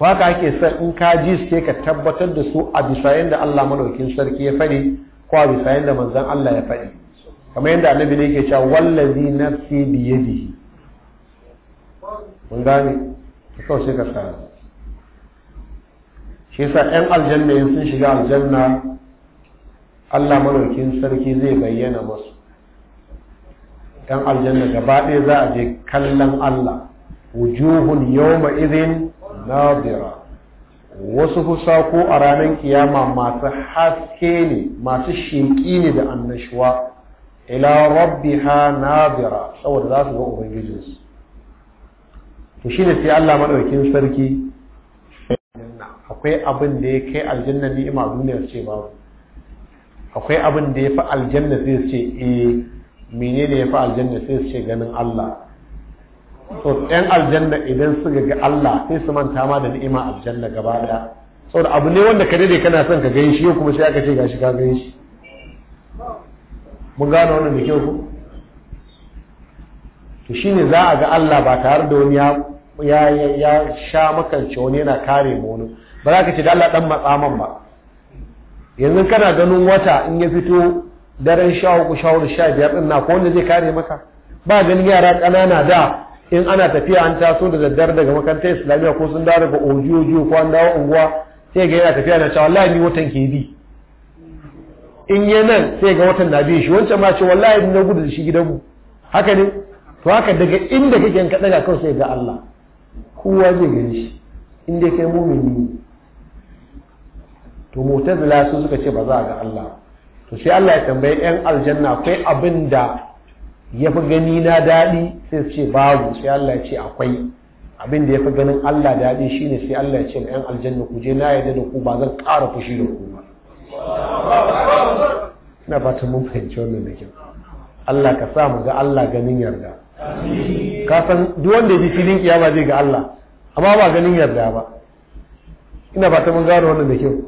haka ake sa in ka ji sai ka tabbatar da su a bisa yadda Allah madaukin sarki ya fare ko a bisa yadda manzon Allah ya faɗi kamar yadda annabi ne yake cewa wallazi nafsi bi yadihi mun gane kawai sai ka sa shi yasa yan aljanna in sun shiga aljanna Allah madaukin sarki zai bayyana musu yan aljanna gaba ɗaya za a je kallon Allah wujuhun yawma idhin nadira wasu ko a ranar kiyama masu haske ne masu shinki ne da annashuwa ila rabbi na nadira saboda za su ga ubangijinsu to da sai Allah maɗaukin sarki akwai abin da ya kai aljanna ima duniyar ce ba akwai abin da ya fi aljanna sai ce eh menene ya fi aljanna sai ce ganin Allah to ɗan aljanna idan suka ga Allah sai su manta ma da ni'ima aljanna gaba daya saboda abu ne wanda ka dade kana son ka gan shi kuma sai aka ce shi ka gan shi mun gano wannan da kyau to shine za a ga Allah ba tare da wani ya ya sha makance wani yana kare mu wani ba za ka ce da Allah dan matsaman ba yanzu kana ganin wata in ya fito daren sha uku sha sha biyar din na ko wanda zai kare maka ba ganin yara ƙanana da in ana tafiya an taso da daddare daga makarantar islamiyya ko sun dawo daga ojiyoji ko an dawo unguwa sai ga yana tafiya na cewa wallahi ni watan ke bi in yi nan sai ga watan na biyu shi wancan ma ce wallahi na gudu da shi gidanmu haka ne to haka daga inda kake ka daga kan kawai sai ga Allah kowa zai gani shi in dai kai mumini ne to mutazila su suka ce ba za a ga Allah to sai Allah ya tambayi yan aljanna akwai abin da ya fi gani na daɗi sai su ce babu sai Allah ce akwai abin da ya fi ganin Allah daɗi shine sai Allah ce ma 'yan aljanna ku je na yadda da ku ba zan ƙara fushi da ku ba ina fatan mun fahimci wannan da kyau Allah ka sa mu ga Allah ganin yarda ka san duk wanda ya ji filin kiyama zai ga Allah amma ba ganin yarda ba ina fatan mun gano wannan da kyau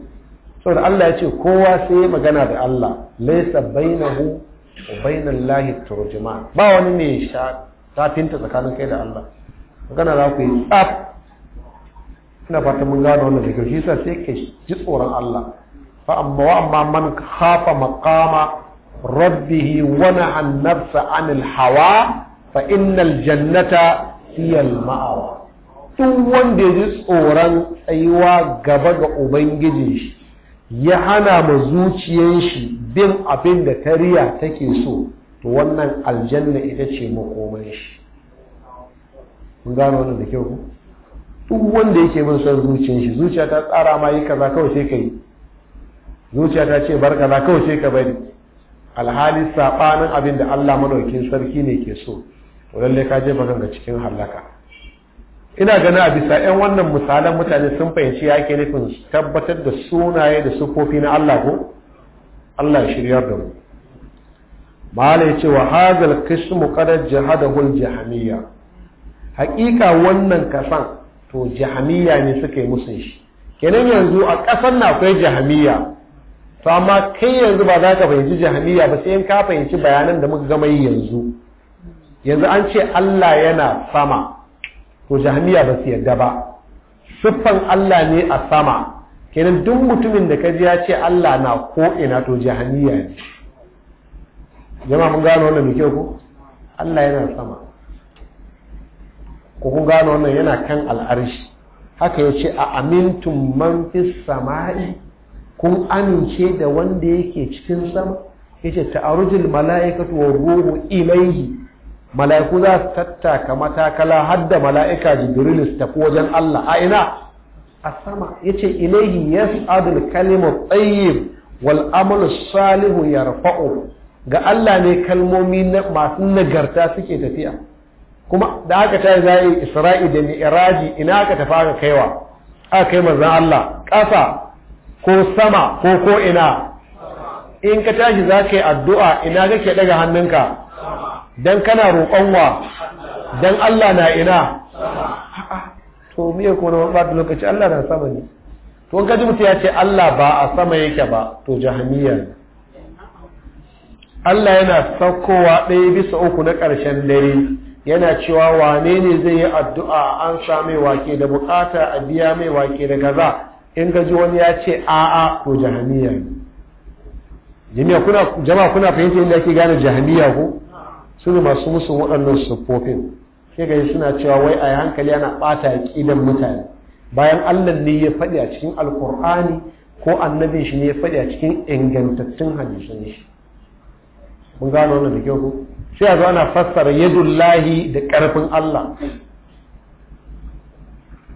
saboda Allah ya ce kowa sai magana da Allah laysa bainahu wa lahi turjuma ba wani mai sha tafinta tsakanin kai da Allah magana za ku yi tsaf ina fata mun gano wannan da kyau shi sa sai ka ji tsoron Allah fa amma wa amma man khafa maqama rabbihi wa na'an nafsa anil hawa fa innal jannata hiya al ma'awa duk wanda ya ji tsoron tsayuwa gaba ga ubangijin shi ya hana ma zuciyar shi bin abin da tariya take so to wannan aljanna ita ce makoman shi mun gano wannan da kyau ku duk wanda yake bin son zuciyar shi zuciya ta tsara ma yi kaza kawai sai ka yi zuciya ta ce bar kaza kawai sai ka bari alhali sabanin abin da Allah madaukin sarki ne ke so to lalle ka je baka ga cikin halaka ina gani a bisa 'yan wannan misalan mutane sun fahimci ya ke nufin tabbatar da sunaye da sufofi na Allah ko Allah shiryar da mu mala ya ce wa hazal kismu kadar jihadahul jahamiya hakika wannan kasan to jahamiya ne suka yi musun shi kenan yanzu a kasan na kai jahamiya to amma kai yanzu ba za ka fahimci jahamiya ba sai in ka fahimci bayanan da muka gama yi yanzu yanzu an ce Allah yana sama to jahmiya ba su yarda ba siffan Allah ne a sama kenan duk mutumin da kaji ya ce Allah na ko ina to jahmiya ne jama'a mun gano wannan kyau ko Allah yana sama ko kun gano wannan yana kan al'arshi haka ya ce a amintun man fi sama'i kun amince da wanda yake cikin sama yace ta'arujul mala'ikatu wa ruhu ilayhi mala'iku za su tattaka matakala har da mala'ika jibril su tafi wajen Allah a ina a sama yace ilaihi yas'adul kalimatu tayyib wal amalu salihu yarfa'u ga Allah ne kalmomi masu nagarta suke tafiya kuma da aka ta za yi isra'i da mi'raji ina aka tafi aka kaiwa aka kai manzan Allah ƙasa ko sama ko ko ina in ka tashi za ka yi addu'a ina kake daga hannunka dan kana roƙon wa dan Allah na ina to miye ko na ba lokaci Allah na sama ne to kaji mutu ya ce Allah ba a sama yake ba to jahamiya Allah yana saukowa ɗaya bisa uku na ƙarshen dare yana cewa wane ne zai yi addu'a an sa mai wake da bukata a biya mai wake da gaza in gaji wani ya ce a'a ko jahamiya jami'a kuna jama'a kuna fahimta yadda ake gane jahamiya ko su ne masu musu waɗannan siffofin sai ga suna cewa wai a hankali yana ɓata aƙidan mutane bayan allah ne ya faɗi a cikin alkur'ani ko annabin shi ne ya faɗi a cikin ingantattun hadisan shi mun gano wannan da kyau ko sai a ana fassara yadullahi da ƙarfin allah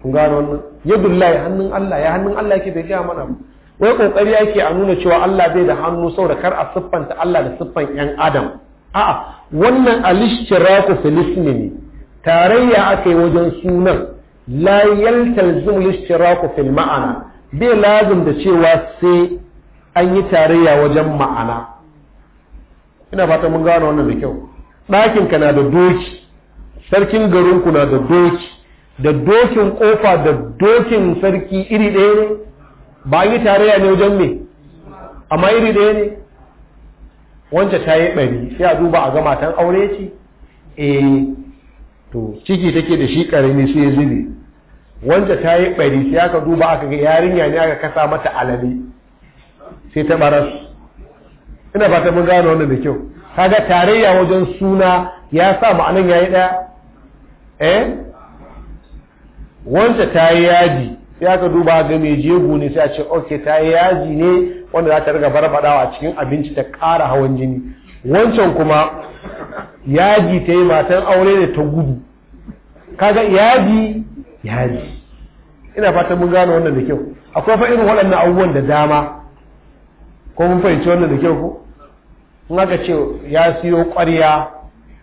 Mun gano wannan yadullahi hannun allah ya hannun allah yake bai gaya mana wai kokari yake a nuna cewa allah zai da hannu saboda kar a siffanta allah da siffan yan adam a'a wannan alishiraku filismi ne tarayya aka yi wajen sunan la yaltalzum alishiraku fil ma'ana bai lazim da cewa sai an yi tarayya wajen ma'ana ina fata mun gano wannan da kyau ɗakin ka na da doki sarkin garinku na da doki da dokin kofa da dokin sarki iri ɗaya ne ba an yi tarayya ne wajen me amma iri ɗaya ne wanda ta yi ɓari sai a duba a gama matan aure ce eh to ciki take da shi ƙarami sai zube wanda ta yi ɓari sai aka duba aka ga yarinya ne aka kasa mata alale sai ta baras ina fata mun gano wannan da kyau kaga tarayya wajen suna ya sa ma'anan yayi ɗaya eh wanda ta yi yaji sai aka duba ga mai jego ne sai a ce ok ta yi yaji ne wanda za ta riga barbaɗawa cikin abinci ta ƙara hawan jini wancan kuma yaji ta yi matan aure da ta gudu kaga yaji yaji ina fatan mun gano wannan da kyau akwai fa irin waɗannan abubuwan da dama ko mun fahimci wannan da kyau ko in aka ce ya siyo ƙwarya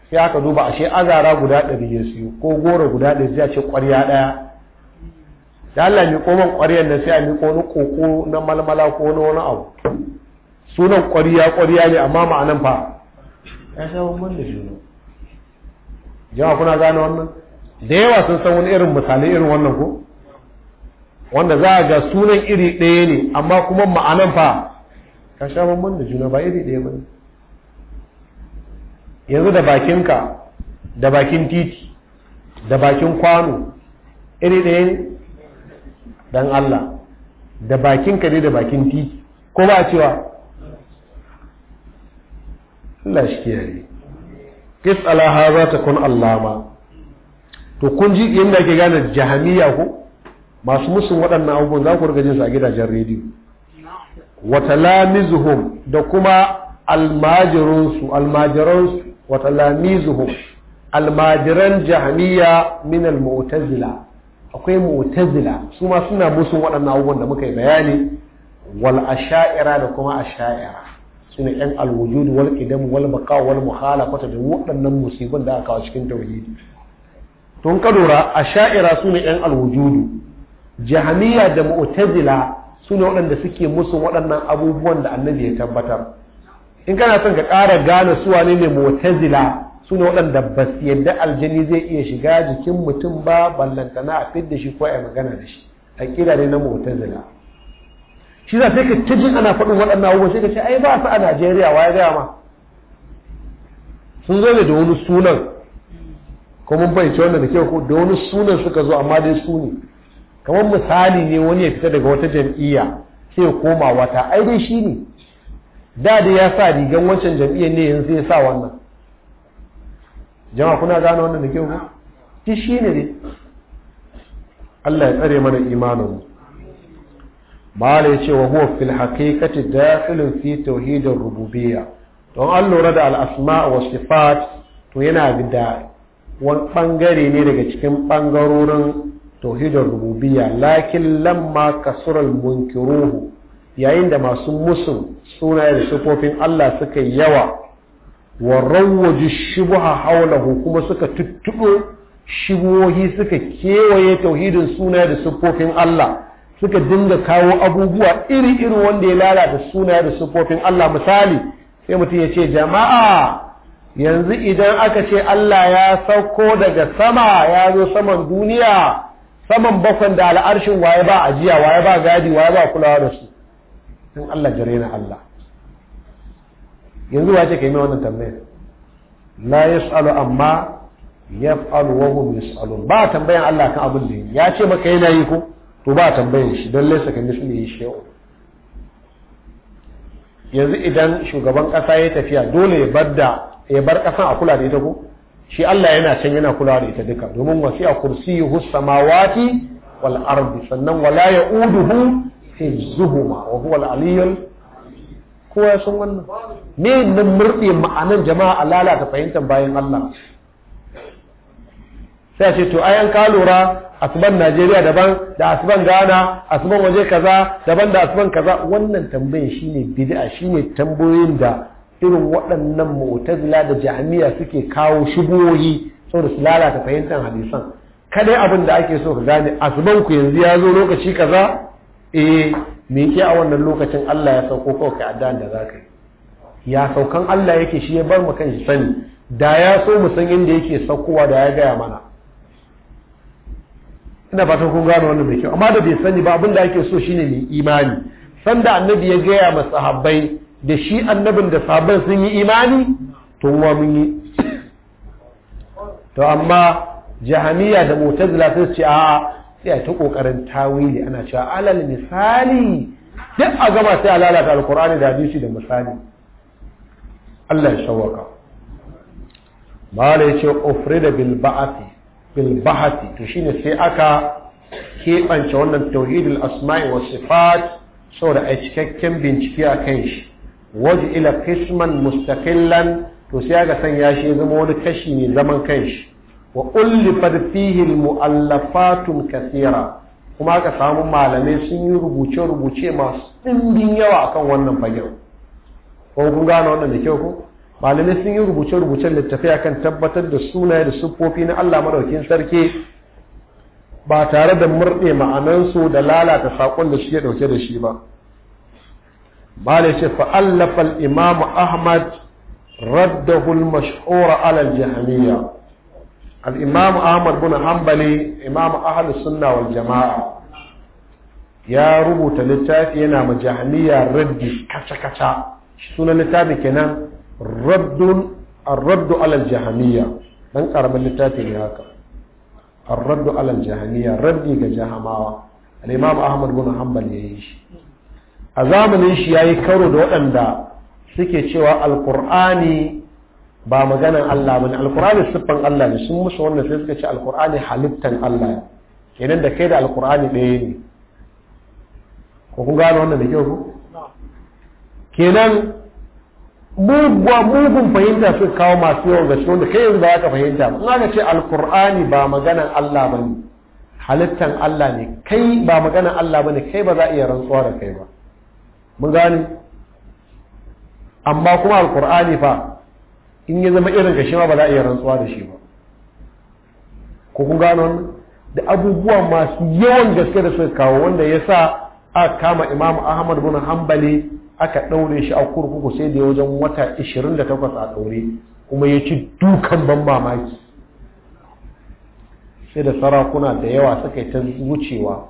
sai aka duba ashe azara guda ɗari ya siyo ko goro guda ɗari sai a ce ƙwarya ɗaya da Allah mai koman ƙwariyar nan sai a miƙo wani koko na malmala ko na wani abu sunan ƙwariya ƙwariya ne amma ma'anan fa ya sha mun da juna jama'a kuna gane wannan da yawa sun san wani irin misali irin wannan ko wanda za a ga sunan iri ɗaya ne amma kuma ma'anan fa ka sha mun da juna ba iri ɗaya ba ne yanzu da bakinka da bakin titi da bakin kwano iri ɗaya ne dan Allah da bakinka ne da bakin titi ko ba cewa Allah shi kiyaye kis ala hadha takun allama to kun ji yadda ke gane jahamiya ko masu musun waɗannan abubuwan za ku riga jinsu su a gidajen rediyo wata lamizuhum da kuma almajiransu almajiransu wata lamizuhum almajiran jahamiya min almu'tazila akwai mu'tazila su ma suna musu waɗannan abubuwan da muka yi bayani wal asha'ira da kuma asha'ira suna yan alwujud wal qidam wal baqa wal muhalafata da waɗannan musibin da aka kawo cikin tauhidi tun ka dora asha'ira suna yan alwujud jahmiya da mu'tazila suna waɗanda suke musu waɗannan abubuwan da annabi ya tabbatar in kana son ka ƙara gane su wane ne mu'tazila su ne waɗanda ba su yadda aljani zai iya shiga jikin mutum ba ballantana a fidda shi ko a magana da shi a kira ne na mu'tazila shi za sai ka ta jin ana faɗin waɗannan abubuwa sai ka ce ai ba su a Najeriya wa ya gaya ma sun zo ne da wani sunan Kuma mun fahimci wannan da ke ko da wani sunan suka zo amma dai su ne kamar misali ne wani ya fita daga wata jam'iyya sai ya koma wata ai dai shi ne da da ya sa rigan wancan jam'iyyar ne yanzu ya sa wannan jama'a kuna gane wannan da kyau ko ki ne dai Allah ya tsare mana imanin mu ya ce, wa huwa fil haqiqati dakhilun fi tauhidir rububiyya don an lura da al asma wa sifat to yana da wani bangare ne daga cikin bangarorin tauhidar rububiyya lakin lamma kasural munkiruhu yayin da masu musun suna da sifofin Allah suka yawa wa rawwaji shubha haulahu kuma suka tuttuɓo shubuhohi suka kewaye tauhidin suna da siffofin Allah suka dinga kawo abubuwa iri-iri wanda ya lalata suna da siffofin Allah misali sai mutum ya ce jama'a yanzu idan aka ce Allah ya sauko daga sama ya zo saman duniya saman bakon da al'arshin waye ba ajiya waye ba gadi waye ba kulawa da su in Allah jare na Allah yanzu wace ka yi mai wannan tambayar la yas'alu amma yaf'alu wa hum yas'alun ba tambayan Allah kan abin da ya ce maka yana yi ko to ba tambayan shi don laysa kan misli shay'un yanzu idan shugaban kasa ya tafiya dole ya bar da ya bar kasan a kula da ita ko shi Allah yana can yana kula da ita duka domin wasi'a kursiyuhu samawati wal ardi sannan wala ya'uduhu hifzuhuma wa huwa al-aliyyul kowa ya san wannan me na murɗe ma'anan jama'a a lalata fahimtar bayan Allah sai a ce to ayan ka lura asuban Najeriya daban da asuban Ghana asuban waje kaza daban da asuban kaza wannan tambayin shine bid'a shine tambayoyin da irin waɗannan mu'tazila da jami'a suke kawo shubuhohi saboda su lalata fahimtar hadisan kada abin da ake so ka gane asuban ku yanzu ya zo lokaci kaza eh me ke a wannan lokacin Allah ya sauko kawai kai addan da za ka yi ya saukan Allah yake shi ya bar mu kan shi sani da ya so mu san inda yake saukowa da ya gaya mana ina fatan kun gano wannan mai kyau amma da bai sani ba abin da ake so shine mai imani sanda annabi ya gaya ma sahabbai da shi annabin da sahabban sun yi imani to wa mun yi to amma jahamiya da mu'tazila sun ce a'a sai a ta kokarin tawili ana cewa alal misali duk a gama sai a lalata alkur'ani da hadisi da misali Allah ya shawaka mala yace ofrida bil ba'ati bil bahati to shine sai aka keɓance wannan tauhidul asma'i was sifat saboda a cikakken bincike a kan shi waje ila kisman mustaqillan to sai aka sanya shi zama wani kashi ne zaman kanshi wa ullifat fihi mu'allafatun kasira kuma aka samu malamai sun yi rubuce-rubuce masu ɗimbin yawa akan wannan fagen ko kun gane wannan da kyau ko malamai sun yi rubuce-rubucen tafiya akan tabbatar da sunaye da siffofi na Allah maɗaukin sarki ba tare da murɗe ma'anansu da lalata saƙon da suke ya ɗauke da shi ba malai ce fa'allafal imamu ahmad raddahul mashhura alal jahmiya al-imam ahmad bin hanbali imam ahlus sunna wal jamaa ya rubuta littafi yana majahmiya raddi kaca kaca sunan littafin kenan raddun ar-raddu ala al-jahmiya dan karamin littafi ne raddu ala al raddi ga jahamawa al-imam ahmad bin yayi shi a zamanin shi yayi karo da waɗanda suke cewa alkur'ani ba maganan Allah bane alkur'ani siffan Allah ne sun musu wannan sai suka ce alkur'ani halittan Allah kenan da kai da alkur'ani ɗaya ne ko kun gano wannan da kyau ko kenan mugun fahimta suka kawo masu yawan gaske wanda kai yanzu ba ka fahimta ba in ka ce alkur'ani ba maganan Allah bane halittan Allah ne kai ba maganan Allah bane kai ba za a iya rantsuwa da kai ba mun gane amma kuma alkur'ani fa in ya zama irin ka ma ba za a iya rantsuwa da shi ba ko kun gano da abubuwa masu yawan gaske da suka kawo wanda ya sa a kama imam ahmad bin hanbali aka ɗaure shi a kurkuku sai da wajen wata 28 a ɗaure kuma ya ci dukan ban mamaki sai da sarakuna da yawa suka yi ta wucewa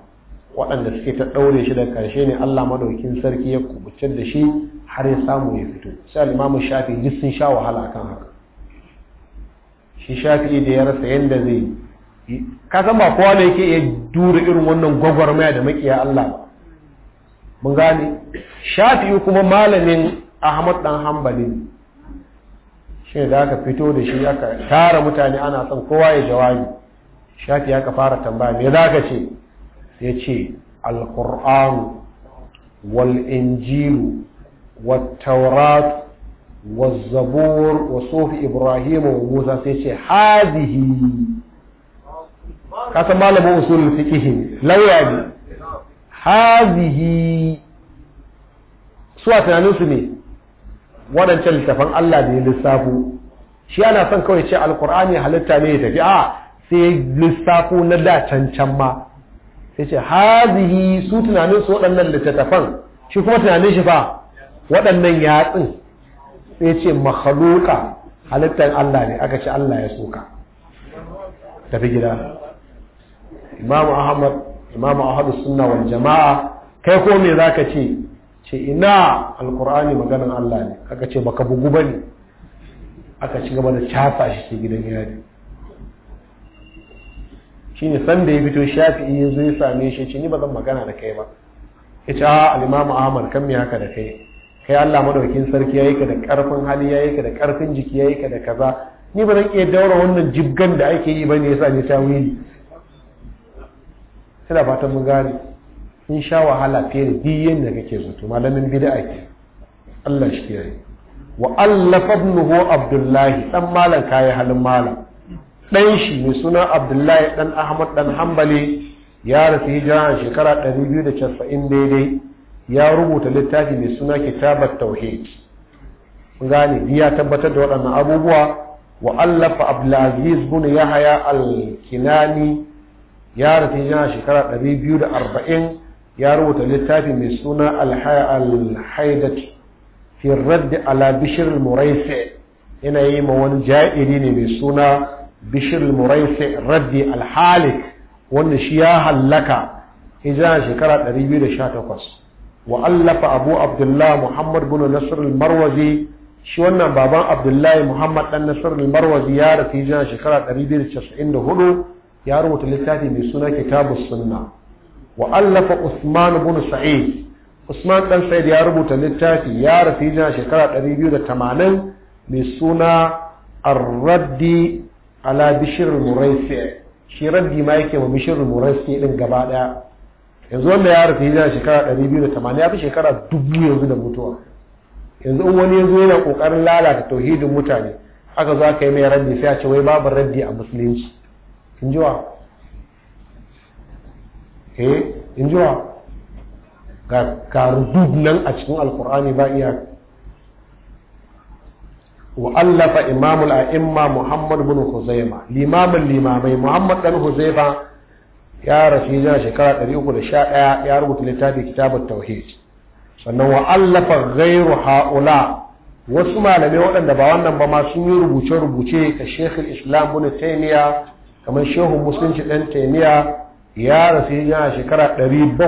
waɗanda suke ta ɗaure shi da ƙarshe ne Allah madaukin sarki ya kubutar da shi har ya samu ya fito sai al'imamu shafi Shafi'i duk sun sha wahala akan haka shi shafi da ya rasa yadda zai ka san ba kowa ne yake iya dura irin wannan gwagwarmaya da makiya Allah ba mun gane Shafi kuma malamin Ahmad ɗan Hanbali shi da aka fito da shi aka tara mutane ana son kowa ya jawabi Shafi ya ka fara tambaya me za ka ce Ya ce alƙur'anu wal injilu wat taurat wal zabur wa ibrahim wa musa sai ce hadihi kasan malamin usul fiqh lauya ne hazihi suwa tunanin su ne waɗancan littafan Allah da ya lissafo shi ana son kawai ce alkur'ani halitta ne ya tafi a sai lissafo na da can can ma sai ce hazihi su tunanin su waɗannan littattafan shi kuma tunanin shi fa waɗannan yatsun sai ce mahaluka halittar Allah ne aka ce Allah ya soka tafi gida imamu ahmad imamu ahadu sunna wal jama'a kai ko me zaka ce ce ina alkur'ani maganan Allah ne aka ce baka bugu ba ne aka ci gaba da cafa shi gidan yari shine san da ya fito shafi'i ya zo ya same shi ce ni ba zan magana da kai ba ya ce a alimamu ahmad kan me haka da kai kai allah madaukin sarki ya yi ka da karfin hali ya yi ka da karfin jiki ya yi ka da kaza ni ba zan iya daura wannan jibgan da ake yi ba ne yasa ni tawili da fatan mun gane in sha wahala fiye da diyan da kake zato malamin bid'a ke allah shi yi wa allafa ibnuhu abdullahi dan malam kayi halin malam ɗan shi mai suna abdullahi ɗan ahmad ɗan hambali ya rasu hijira a shekara 290 daidai ya rubuta littafi mai suna Kitabat tauhid gane ya tabbatar da waɗannan abubuwa wa allafa abdulaziz bin yahaya al-kinani ya rasu hijira a shekara 240 ya rubuta littafi mai suna al-haidat
fi radd ala bishr al-muraisi yana yi ma wani ja'iri ne mai suna bishir muraisi raddi alhalik wanda shi ya
hallaka hijira shekara 218 wa allafa abu Abdullahi muhammad bin nasr marwazi shi wannan baban abdullahi muhammad dan nasr marwazi ya rasu hijira shekara 294 ya rubuta littafi mai suna kitabu sunna wa allafa usman bin sa'id usman dan sa'id ya rubuta littafi ya rasu hijira shekara 280 mai suna ar-raddi ala bishir muraisi shi rabbi ma yake ma bishir muraisi din gaba daya yanzu wanda ya rufe hijira shekara 280 ya fi shekara dubu yanzu da mutuwa yanzu in wani yanzu yana kokarin lalata tauhidin mutane aka zo aka yi mai rabbi sai a ce wai babu rabbi a musulunci in ji wa eh in ji wa ga karudud nan a cikin alkur'ani ba iya وألف إمام الأئمة محمد بن خزيمة الإمام الإمامي محمد بن خزيمة يا رسول الله شكرا أبيك لشاء يا رب littafi كتاب التوحيد sannan wa gairu haula wasu malamai waɗanda ba wannan ba ma sun yi rubuce-rubuce ga shekul islam bin taimiya kamar shehun musulunci ɗan taimiya ya rasu yana shekara 728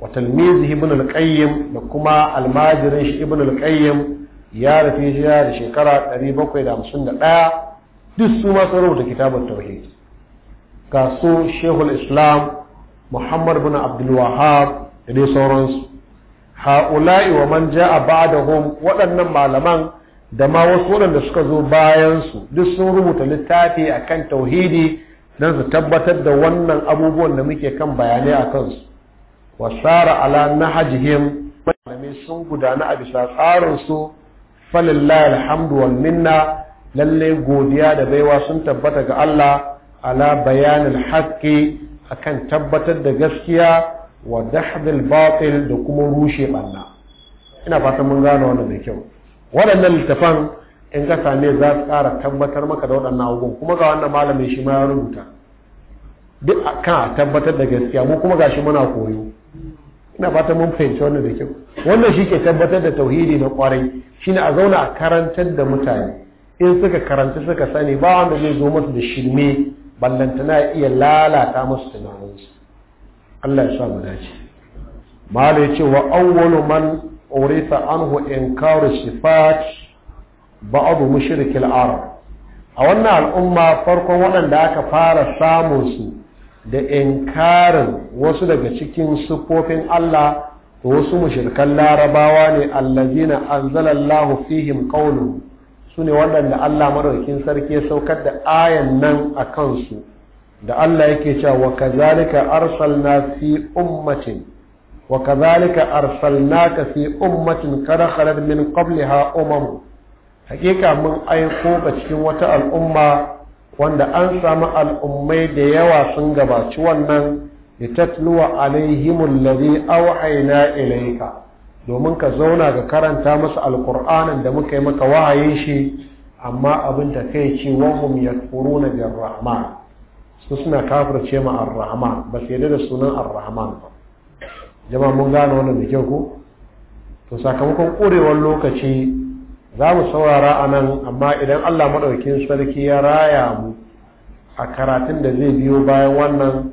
wa talmizihi ibn al-qayyim da kuma almajirin shi ibn al-qayyim ya rafi jiya da shekara 751 duk sun rubuta kitabun tauhid ga su shehul islam muhammad bin Abdulwahab da dai sauransu ha'ula'i wa man ja'a ba'dahum waɗannan malaman da ma wasu waɗanda suka zo bayansu duk sun rubuta littafi akan tauhidi don su tabbatar da wannan abubuwan da muke kan bayanai a kansu wasara ala nahajihim malamai sun gudana a bisa tsarin su falillahi alhamdu wal minna lalle godiya da baiwa sun tabbata ga Allah ala bayanil haqqi akan tabbatar da gaskiya wa dahdil batil da kuma rushe banna ina fatan mun gano wannan da kyau waɗannan littafan in ka same za su ƙara tabbatar maka da waɗannan abubuwan kuma ga wannan malamin shi ma ya rubuta duk kan a tabbatar da gaskiya mu kuma gashi muna koyo ina fata mun fahimci wannan da kyau wannan shi ke tabbatar da tauhidi na kwarai shine a zauna a karantar da mutane in suka karanta suka sani ba wanda zai zo masu da shirme ballantana iya lalata masu tunaninsu Allah ya sa mu dace ya ce wa awwalu man urisa anhu inkaru sifat ba'd mushrik al-arab a wannan al'umma farkon waɗanda aka fara samun su da inkarin wasu daga cikin siffofin Allah da wasu mushirkan larabawa ne allazina anzalallahu fihim qawluhu su ne waɗanda Allah madaukakin sarki ya saukar da ayan nan a kansu da Allah yake cewa wa kazalika arsalna fi ummatin wa kazalika arsalnaka fi ummatin kada khalat min qabliha umam hakika mun aiko ga cikin wata al'umma wanda an samu al'ummai da yawa sun gabaci wannan litatluwa alaihimul ladhi awhayna ilaika, domin ka zauna ga karanta masa alqur'anin da muka yi maka wahayin shi amma abin da kai ce wa ya yakfuruna bir rahman su suna kafirce ma ar ba su yarda da sunan ar-rahman ba jama'a mun gane wannan da kyau ko to sakamakon ƙurewar lokaci za mu saurara a nan amma idan allah maɗaukin sarki ya raya mu a karatun da zai biyo bayan wannan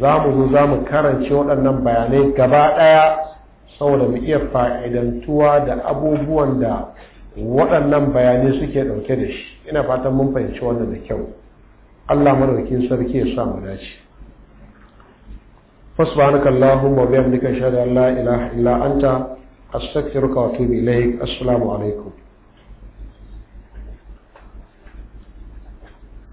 za mu zo za mu karance waɗannan bayanai gaba ɗaya saboda mu iya fa'idantuwa da abubuwan da waɗannan bayanai suke ɗauke da shi ina fatan mun fahimci wannan da kyau allah maɗaukin sarki ya sa mu dace فسبحانك اللهم وبحمدك اشهد ان لا اله الا انت استغفرك واتوب اليك السلام عليكم